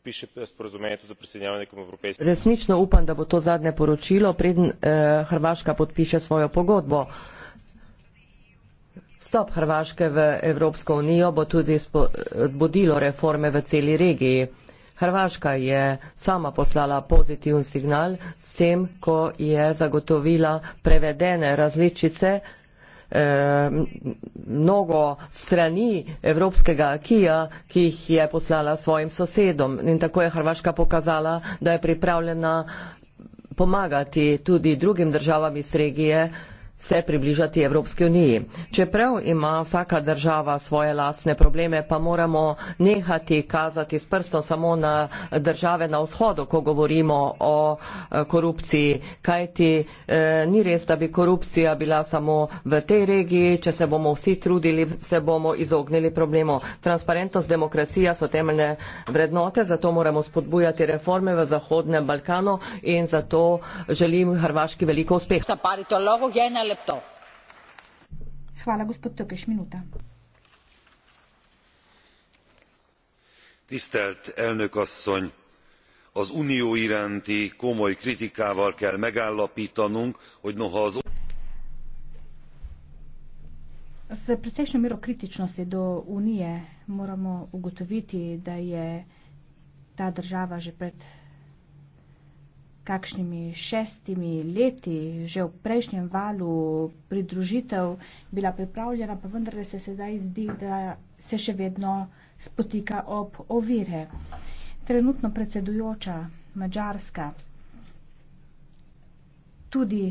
C: podpiše eh, sporozumevanje tudi za presedljavanje nekom evropejskim. Resnično upam, da bo to zadnje poročilo, preden eh, Hrvaška podpiše svojo pogodbo. Stop Hrvaške v Evropsko unijo bo tudi spodbudilo reforme v celi regiji. Hrvaška je sama poslala pozitivn signal s tem, ko je zagotovila prevedene različice. Eh, mnogo strani Evropskega akija, ki jih je poslala svojim sosedom. In tako je Hrvaška pokazala, da je pripravljena pomagati tudi drugim državam iz regije, se približati Evropski uniji. Čeprav ima vsaka država svoje lastne probleme, pa moramo nehati kazati s prstom samo na države na vzhodu, ko govorimo o eh, korupciji. Kajti eh, ni res, da bi korupcija bila samo v tej regiji, če se bomo vsi trudili, se bomo izognili problemu. Transparentnost, demokracija so temeljne vrednote, zato moramo spodbujati reforme v Zahodnem Balkanu in zato želim Hrvaški veliko uspeha lepto.
G: Hvala, gospod Tökes, minuta.
E: Tisztelt elnök asszony! Az unió iránti komoly kritikával kell megállapítanunk, hogy noha az.
G: S precejšnjo mero kritičnosti do Unije moramo ugotoviti, da je ta država že pred kakšnimi šestimi leti, že v prejšnjem valu pridružitev bila pripravljena, pa vendar se sedaj zdi, da se še vedno spotika ob ovire. Trenutno predsedujoča Mačarska tudi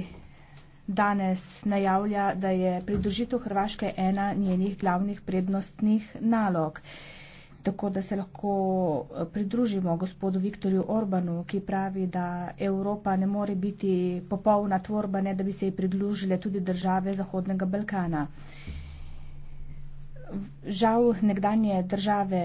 G: danes najavlja, da je pridružitev Hrvaške ena njenih glavnih prednostnih nalog tako da se lahko eh, pridružimo gospodu Viktorju Orbanu, ki pravi, da Evropa ne more biti popolna tvorba, ne da bi se ji pridružile tudi države Zahodnega Balkana. Žal nekdanje države,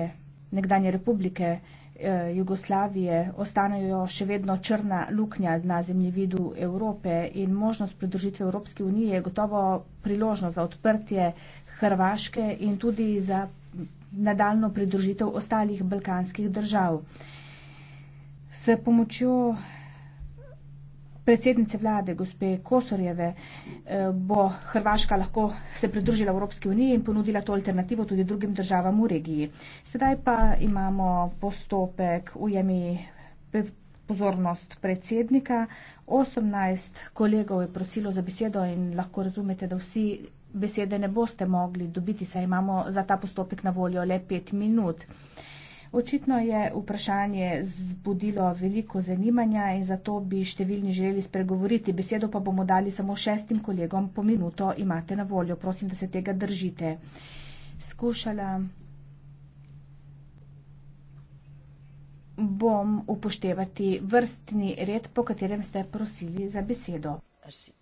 G: nekdanje republike eh, Jugoslavije ostanejo še vedno črna luknja na zemljevidu Evrope in možnost pridružitve Evropske unije je gotovo priložnost za odprtje Hrvaške in tudi za nadaljno pridružitev ostalih balkanskih držav. S pomočjo predsednice vlade, gospe Kosorjeve, eh, bo Hrvaška lahko se pridružila Evropski uniji in ponudila to alternativo tudi drugim državam v regiji. Sedaj pa imamo postopek ujemi pozornost predsednika. 18 kolegov je prosilo za besedo in lahko razumete, da vsi besede ne boste mogli dobiti, saj imamo za ta postopek na voljo le pet minut. Očitno je vprašanje zbudilo veliko zanimanja in zato bi številni želeli spregovoriti. Besedo pa bomo dali samo šestim kolegom po minuto. Imate na voljo. Prosim, da se tega držite. Skušala bom upoštevati vrstni red, po katerem ste prosili za besedo. Merci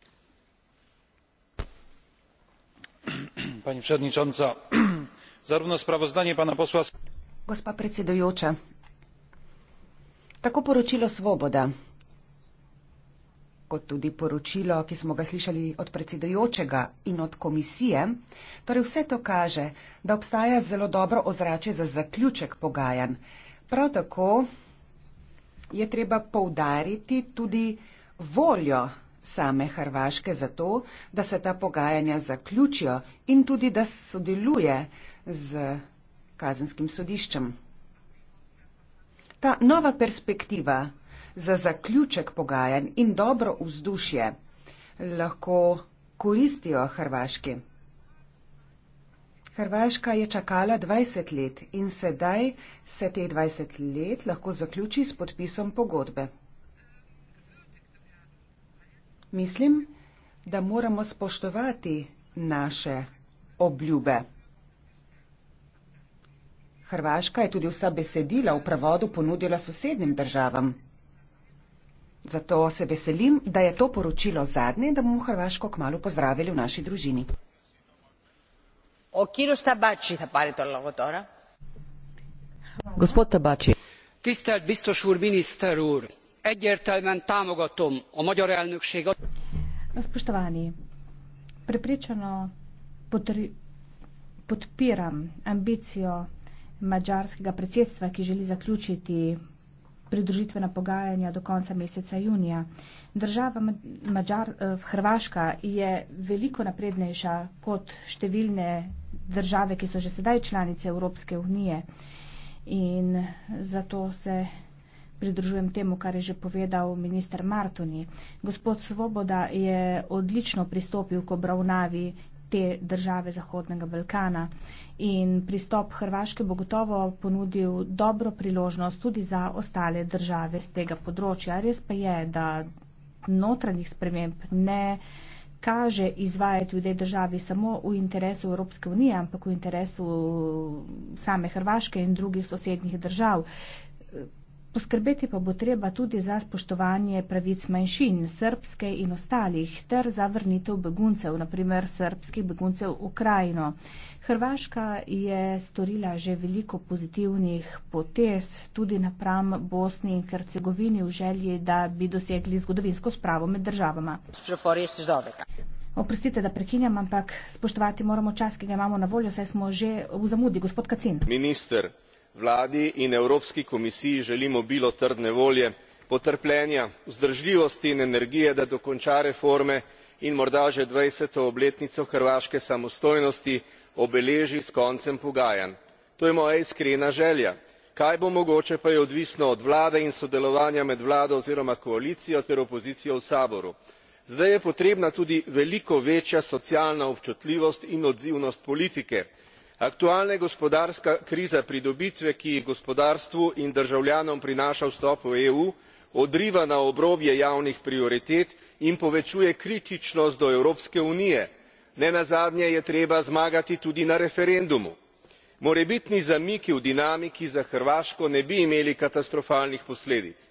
E: pani przewodnicząca! zarówno sprawozdanie pana posła
A: gospa predsedujoča tako poročilo svoboda kot tudi poročilo ki smo ga slišali od predsedujočega in od komisije torej vse to kaže da obstaja zelo dobro ozračje za zaključek pogajanj prav tako je treba poudariti tudi voljo same Hrvaške za to, da se ta pogajanja zaključijo in tudi, da sodeluje z kazenskim sodiščem. Ta nova perspektiva za zaključek pogajanj in dobro vzdušje lahko koristijo Hrvaški. Hrvaška je čakala 20 let in sedaj se te 20 let lahko zaključi s podpisom pogodbe. Mislim, da moramo spoštovati naše obljube. Hrvaška je tudi vsa besedila v prevodu ponudila sosednjim državam. Zato se veselim, da je to poročilo zadnje, da bomo Hrvaško kmalo pozdravili v naši družini.
C: Gospod
G: Tabači.
A: Tisztelt biztos úr, miniszter úr! egyértelműen támogatom a magyar elnökség
G: Spoštovani, prepričano podpiram ambicijo mađarskega predsedstva, ki želi zaključiti pridružitvena pogajanja do konca meseca junija. Država Mađar, eh, Hrvaška je veliko naprednejša kot številne države, ki so že sedaj članice Evropske unije in zato se pridružujem temu, kar je že povedal minister Martoni. Gospod Svoboda je odlično pristopil k obravnavi te države Zahodnega Balkana. In pristop Hrvaške bo gotovo ponudil dobro priložnost tudi za ostale države z tega področja. Res pa je, da notranjih sprememb ne kaže izvajati v tej državi samo v interesu Evropske unije, ampak v interesu same Hrvaške in drugih sosednjih držav. Poskrbeti pa bo treba tudi za spoštovanje pravic manjšin, srpske in ostalih, ter za vrnitev beguncev, naprimer srpskih beguncev v Ukrajino. Hrvaška je storila že veliko pozitivnih potez tudi napram Bosni in Hercegovini v želji, da bi dosegli zgodovinsko spravo med državama. Oprostite, da prekinjam, ampak spoštovati moramo čas, ki ga imamo na voljo, saj smo že v zamudi. Gospod Kacin.
F: Minister vladi in evropski komisiji želim obilo trdne volje potrpljenja vzdržljivosti in energije da dokonča reforme in morda že dvajset obletnico hrvaške samostojnosti obeleži s koncem pogajanj. to je moja iskrena želja kaj bo mogoče pa je odvisno od vlade in sodelovanja med vlado oziroma koalicijo ter opozicijo v saboru. zdaj je potrebna tudi veliko večja socialna občutljivost in odzivnost politike aktualna gospodarska kriza pridobitve ki jih gospodarstvu in državljanom prinaša vstop v eu odriva na obrobje javnih prioritet in povečuje kritičnost do evropske unije nenazadnje je treba zmagati tudi na referendumu. morebitni zamiki v dinamiki za hrvaško ne bi imeli katastrofalnih posledic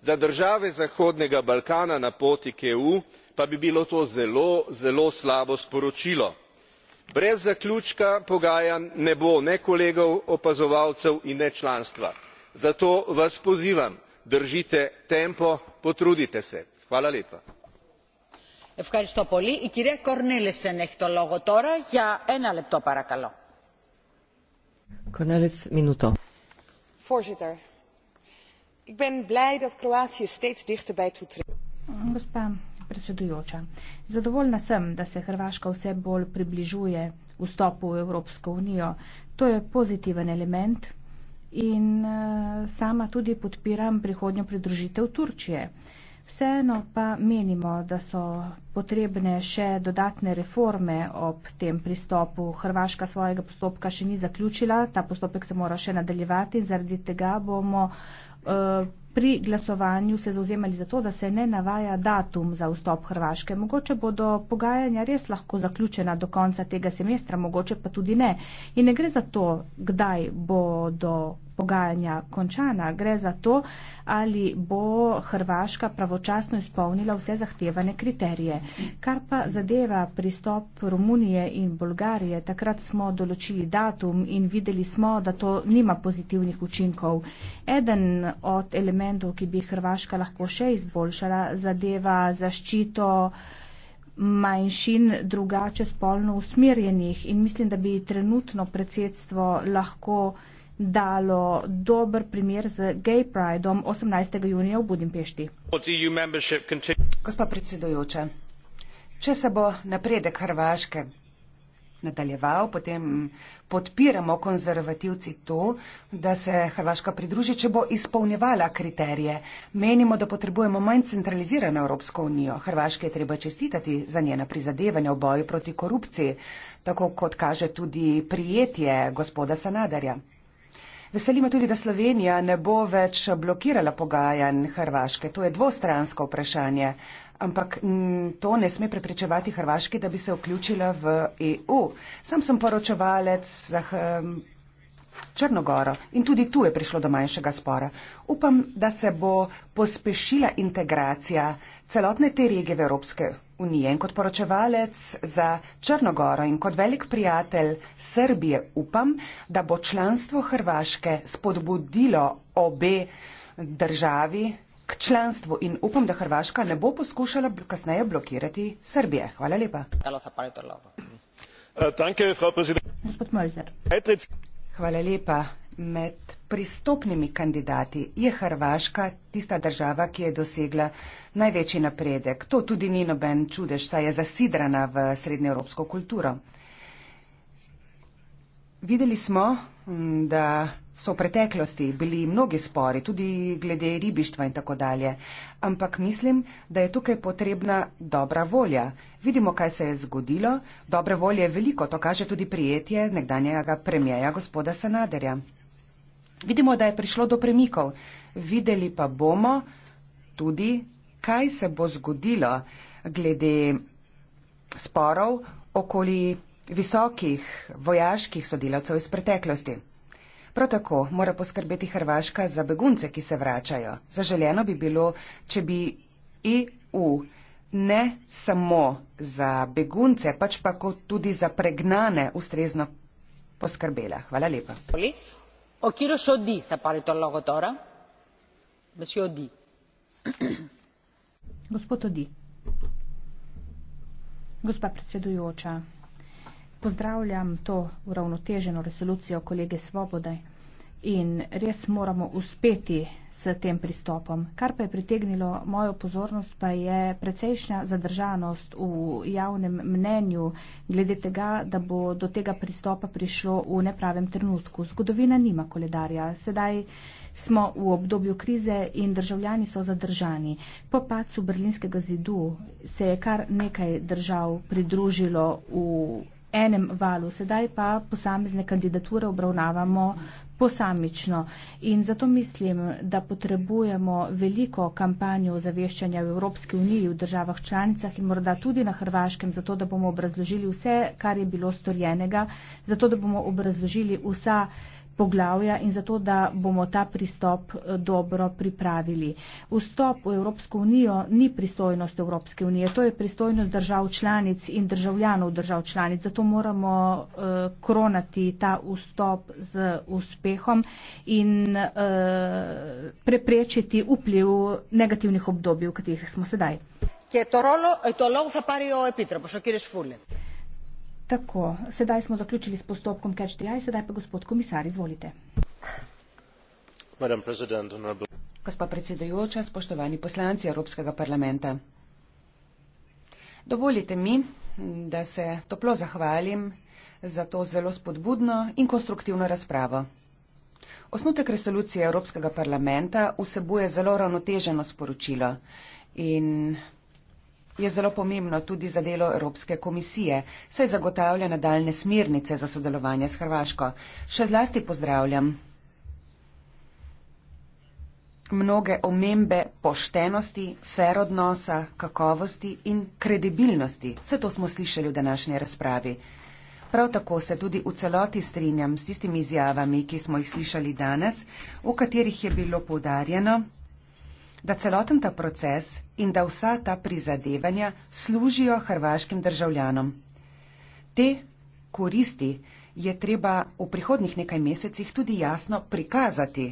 F: za države zahodnega balkana na poti k eu pa bi bilo to zelo zelo slabo sporočilo brez zaključka pogajanj ne bo ne kolegov opazovalcev in ne članstva zato vas pozivam držite tempo potrudite se. Ja,
A: voorzitter ik ben blij dat kroatië steeds dichter bij
G: toetreding predsedujoča. Zadovoljna sem, da se Hrvaška vse bolj približuje vstopu v Evropsko unijo. To je pozitiven element in eh, sama tudi podpiram prihodnjo pridružitev Turčije. Vseeno pa menimo, da so potrebne še dodatne reforme ob tem pristopu. Hrvaška svojega postopka še ni zaključila, ta postopek se mora še nadaljevati in zaradi tega bomo uh, pri glasovanju se zauzemali za to, da se ne navaja datum za vstop Hrvaške. Mogoče bodo pogajanja res lahko zaključena do konca tega semestra, mogoče pa tudi ne. In ne gre za to, kdaj bodo pogajanja končana. Gre za to, ali bo Hrvaška pravočasno izpolnila vse zahtevane kriterije. Kar pa zadeva pristop Romunije in Bolgarije, takrat smo določili datum in videli smo, da to nima pozitivnih učinkov. Eden od elementov, ki bi Hrvaška lahko še izboljšala, zadeva zaščito manjšin drugače spolno usmerjenih in mislim, da bi trenutno predsedstvo lahko dalo dober primer z Gay Prideom 18. junija v Budimpešti. Gospa predsedujoča, če se bo napredek Hrvaške
A: nadaljeval, potem podpiramo konzervativci to, da se Hrvaška pridruži, če bo izpolnjevala kriterije. Menimo, da potrebujemo manj centralizirano Evropsko unijo. Hrvaške je treba čestitati za njena prizadevanja v boju proti korupciji, tako kot kaže tudi prijetje gospoda Sanadarja. Veseli me tudi, da Slovenija ne bo več blokirala pogajanj Hrvaške. To je dvostransko vprašanje. Ampak mm, to ne sme prepričevati Hrvaški, da bi se vključila v EU. Sam sem poročevalec za ehm, Črnogoro in tudi tu je prišlo do manjšega spora. Upam, da se bo pospešila integracija celotne te regije v Evropske unije unije in kot poročevalec za Črnogoro in kot velik prijatelj Srbije upam, da bo članstvo Hrvaške spodbudilo obe državi k članstvu in upam, da Hrvaška ne bo poskušala kasneje blokirati Srbije. Hvala lepa. Hvala lepa. Med pristopnimi kandidati je Hrvaška tista država, ki je dosegla največji napredek. To tudi ni noben čudež, saj je zasidrana v srednjeevropsko kulturo. Videli smo, mm, da so v preteklosti bili mnogi spori, tudi glede ribištva in tako dalje, ampak mislim, da je tukaj potrebna dobra volja. Vidimo, kaj se je zgodilo. Dobre volje je veliko, to kaže tudi prijetje nekdanjega premijeja gospoda Sanaderja. Vidimo, da je prišlo do premikov. Videli pa bomo tudi, kaj se bo zgodilo glede sporov okoli visokih vojaških sodelavcev iz preteklosti. Prav tako mora poskrbeti Hrvaška za begunce, ki se vračajo. Zaželjeno bi bilo, če bi EU ne samo za begunce, pač pa tudi za pregnane ustrezno poskrbela. Hvala lepa
G: gospa predsedujoča pozdravljam to uravnoteženo resolucijo kolege svobode in pa tudi to da je v njej in res moramo uspeti s tem pristopom. Kar pa je pritegnilo mojo pozornost, pa je precejšnja zadržanost v javnem mnenju glede tega, da bo do tega pristopa prišlo v nepravem trenutku. Zgodovina nima koledarja. Sedaj smo v obdobju krize in državljani so zadržani. Po pacu Berlinskega zidu se je kar nekaj držav pridružilo v enem valu. Sedaj pa posamezne kandidature obravnavamo posamično. In zato mislim, da potrebujemo veliko kampanjo ozaveščanja v Evropski uniji, v državah članicah in morda tudi na Hrvaškem, zato da bomo obrazložili vse, kar je bilo storjenega, zato da bomo obrazložili vsa poglavja in zato, da bomo ta pristop eh, dobro pripravili. Vstop v Evropsko unijo ni pristojnost Evropske unije, to je pristojnost držav članic in državljanov držav članic. Zato moramo uh, kronati ta vstop z uspehom in uh, preprečiti vpliv negativnih obdobij, v katerih smo sedaj.
A: Και το λόγο θα πάρει ο Επίτροπος, ο κύριος Φούλε.
G: Tako, sedaj smo zaključili s postopkom Catch the Eye, sedaj pa gospod komisar, izvolite. Gospod predsedujoča, spoštovani poslanci Evropskega
A: parlamenta. Dovolite mi, da se toplo zahvalim za to zelo spodbudno in konstruktivno razpravo. Osnutek resolucije Evropskega parlamenta vsebuje zelo ravnoteženo sporočilo in je zelo pomembno tudi za delo Evropske komisije, saj zagotavlja nadaljne smernice za sodelovanje s Hrvaško. Še zlasti pozdravljam mnoge omembe poštenosti, fer odnosa, kakovosti in kredibilnosti. Vse to smo slišali v današnji razpravi. Prav tako se tudi v celoti strinjam s tistimi izjavami, ki smo jih slišali danes, v katerih je bilo poudarjeno, da celoten ta proces in da vsa ta prizadevanja služijo hrvaškim državljanom. Te koristi je treba v prihodnih nekaj mesecih tudi jasno prikazati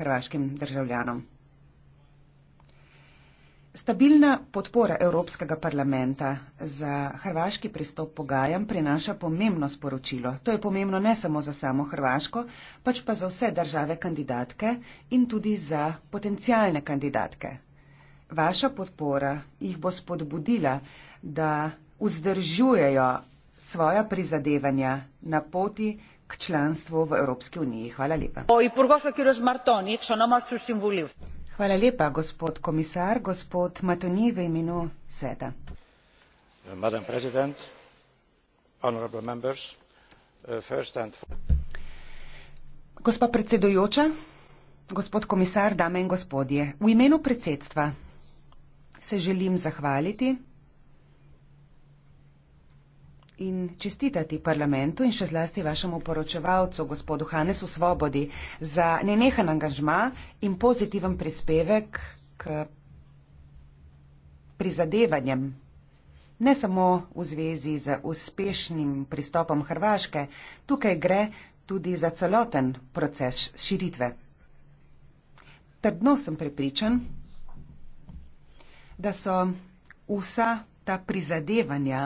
A: hrvaškim državljanom. Stabilna podpora Evropskega parlamenta za hrvaški pristop pogajam prinaša pomembno sporočilo. To je pomembno ne samo za samo Hrvaško, pač pa za vse države kandidatke in tudi za potencijalne kandidatke. Vaša podpora jih bo spodbudila, da vzdržujejo svoja prizadevanja na poti k članstvu v Evropski uniji. Hvala lepa. Hvala lepa, gospod komisar, gospod Matoni v imenu sveta.
F: Uh,
A: Gospa predsedujoča, gospod komisar, dame in gospodje, v imenu predsedstva se želim zahvaliti in čestitati parlamentu in še zlasti vašemu poročevalcu, gospodu Hanesu Svobodi, za nenehen angažma in pozitiven prispevek k prizadevanjem. Ne samo v zvezi z uspešnim pristopom Hrvaške, tukaj gre tudi za celoten proces širitve. Trdno sem prepričan, da so vsa ta prizadevanja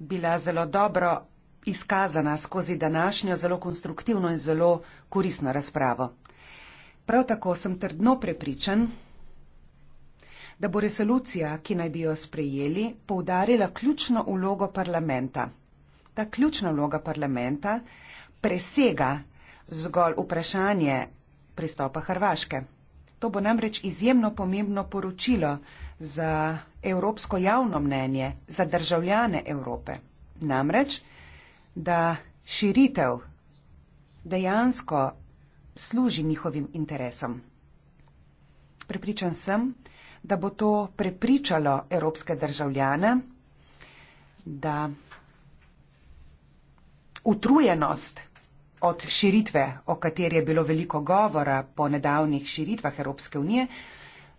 A: bila zelo dobro izkazana skozi današnjo zelo konstruktivno in zelo koristno razpravo. Prav tako sem trdno prepričan, da bo resolucija, ki naj bi jo sprejeli, poudarila ključno vlogo parlamenta. Ta ključna vloga parlamenta presega zgolj vprašanje pristopa Hrvaške. To bo namreč izjemno pomembno poročilo za evropsko javno mnenje, za državljane Evrope. Namreč, da širitev dejansko služi njihovim interesom. Pripričan sem, da bo to prepričalo evropske državljane, da utrujenost od širitve, o kateri je bilo veliko govora po nedavnih širitvah Evropske unije,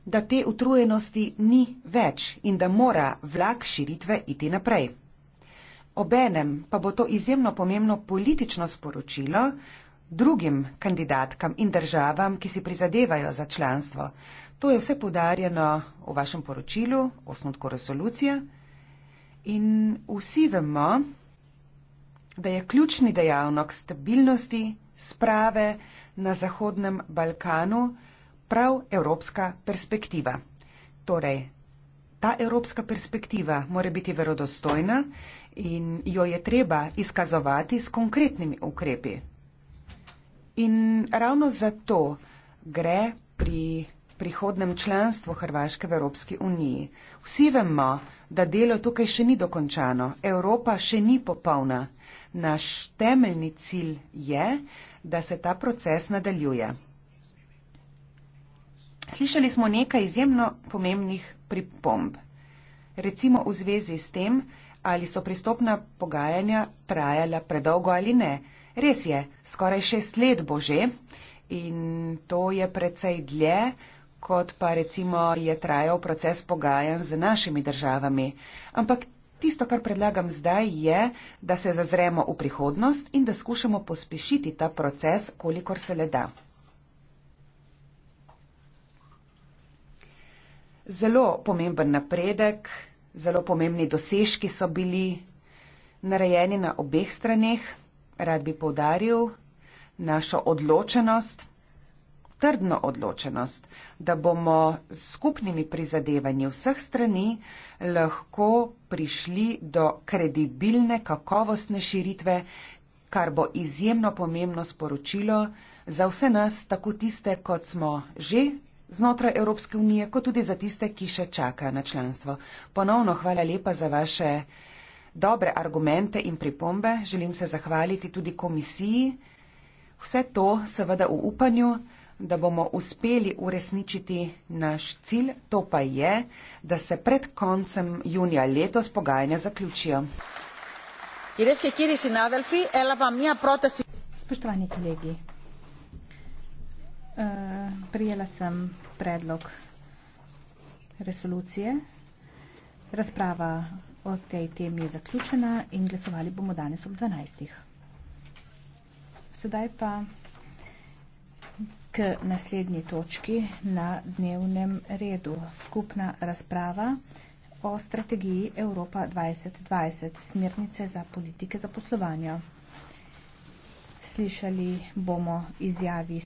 A: da te utrujenosti ni več in da mora vlak širitve iti naprej. Obenem pa bo to izjemno pomembno politično sporočilo drugim kandidatkam in državam, ki si prizadevajo za članstvo. To je vse podarjeno v vašem poročilu, osnotko resolucije. In vsi vemo, da je ključni dejavnik stabilnosti, sprave na Zahodnem Balkanu prav evropska perspektiva. Torej, ta evropska perspektiva mora biti verodostojna in jo je treba izkazovati s konkretnimi ukrepi. In ravno zato gre pri prihodnem članstvu Hrvaške v Evropski uniji. Vsi vemo, da delo tukaj še ni dokončano, Evropa še ni popolna. Naš temeljni cilj je, da se ta proces nadaljuje. Slišali smo nekaj izjemno pomembnih
G: pripomb.
A: Recimo v zvezi s tem, ali so pristopna pogajanja trajala predolgo ali ne. Res je, skoraj šest let bo že in to je precej dlje, kot pa recimo je trajal proces pogajanj z našimi državami. Ampak tisto, kar predlagam zdaj, je, da se zazremo v prihodnost in da skušamo pospešiti ta proces, kolikor se le da. Zelo pomemben napredek, zelo pomembni dosežki so bili narejeni na obeh straneh. Rad bi povdaril našo odločenost trdno odločenost, da bomo s skupnimi prizadevanji vseh strani lahko prišli do kredibilne, kakovostne širitve, kar bo izjemno pomembno sporočilo za vse nas, tako tiste, kot smo že znotraj Evropske unije, kot tudi za tiste, ki še čakajo na članstvo. Ponovno hvala lepa za vaše dobre argumente in pripombe. Želim se zahvaliti tudi komisiji. Vse to seveda v upanju, da bomo uspeli uresničiti naš cilj, to pa je, da se pred koncem junija letos pogajanja zaključijo.
G: Spoštovani kolegi, prijela sem predlog resolucije. Razprava o tej temi je zaključena in glasovali bomo danes ob 12. Sedaj pa k naslednji točki na dnevnem redu. Skupna razprava o strategiji Evropa 2020, smernice za politike zaposlovanja. Slišali bomo izjavi.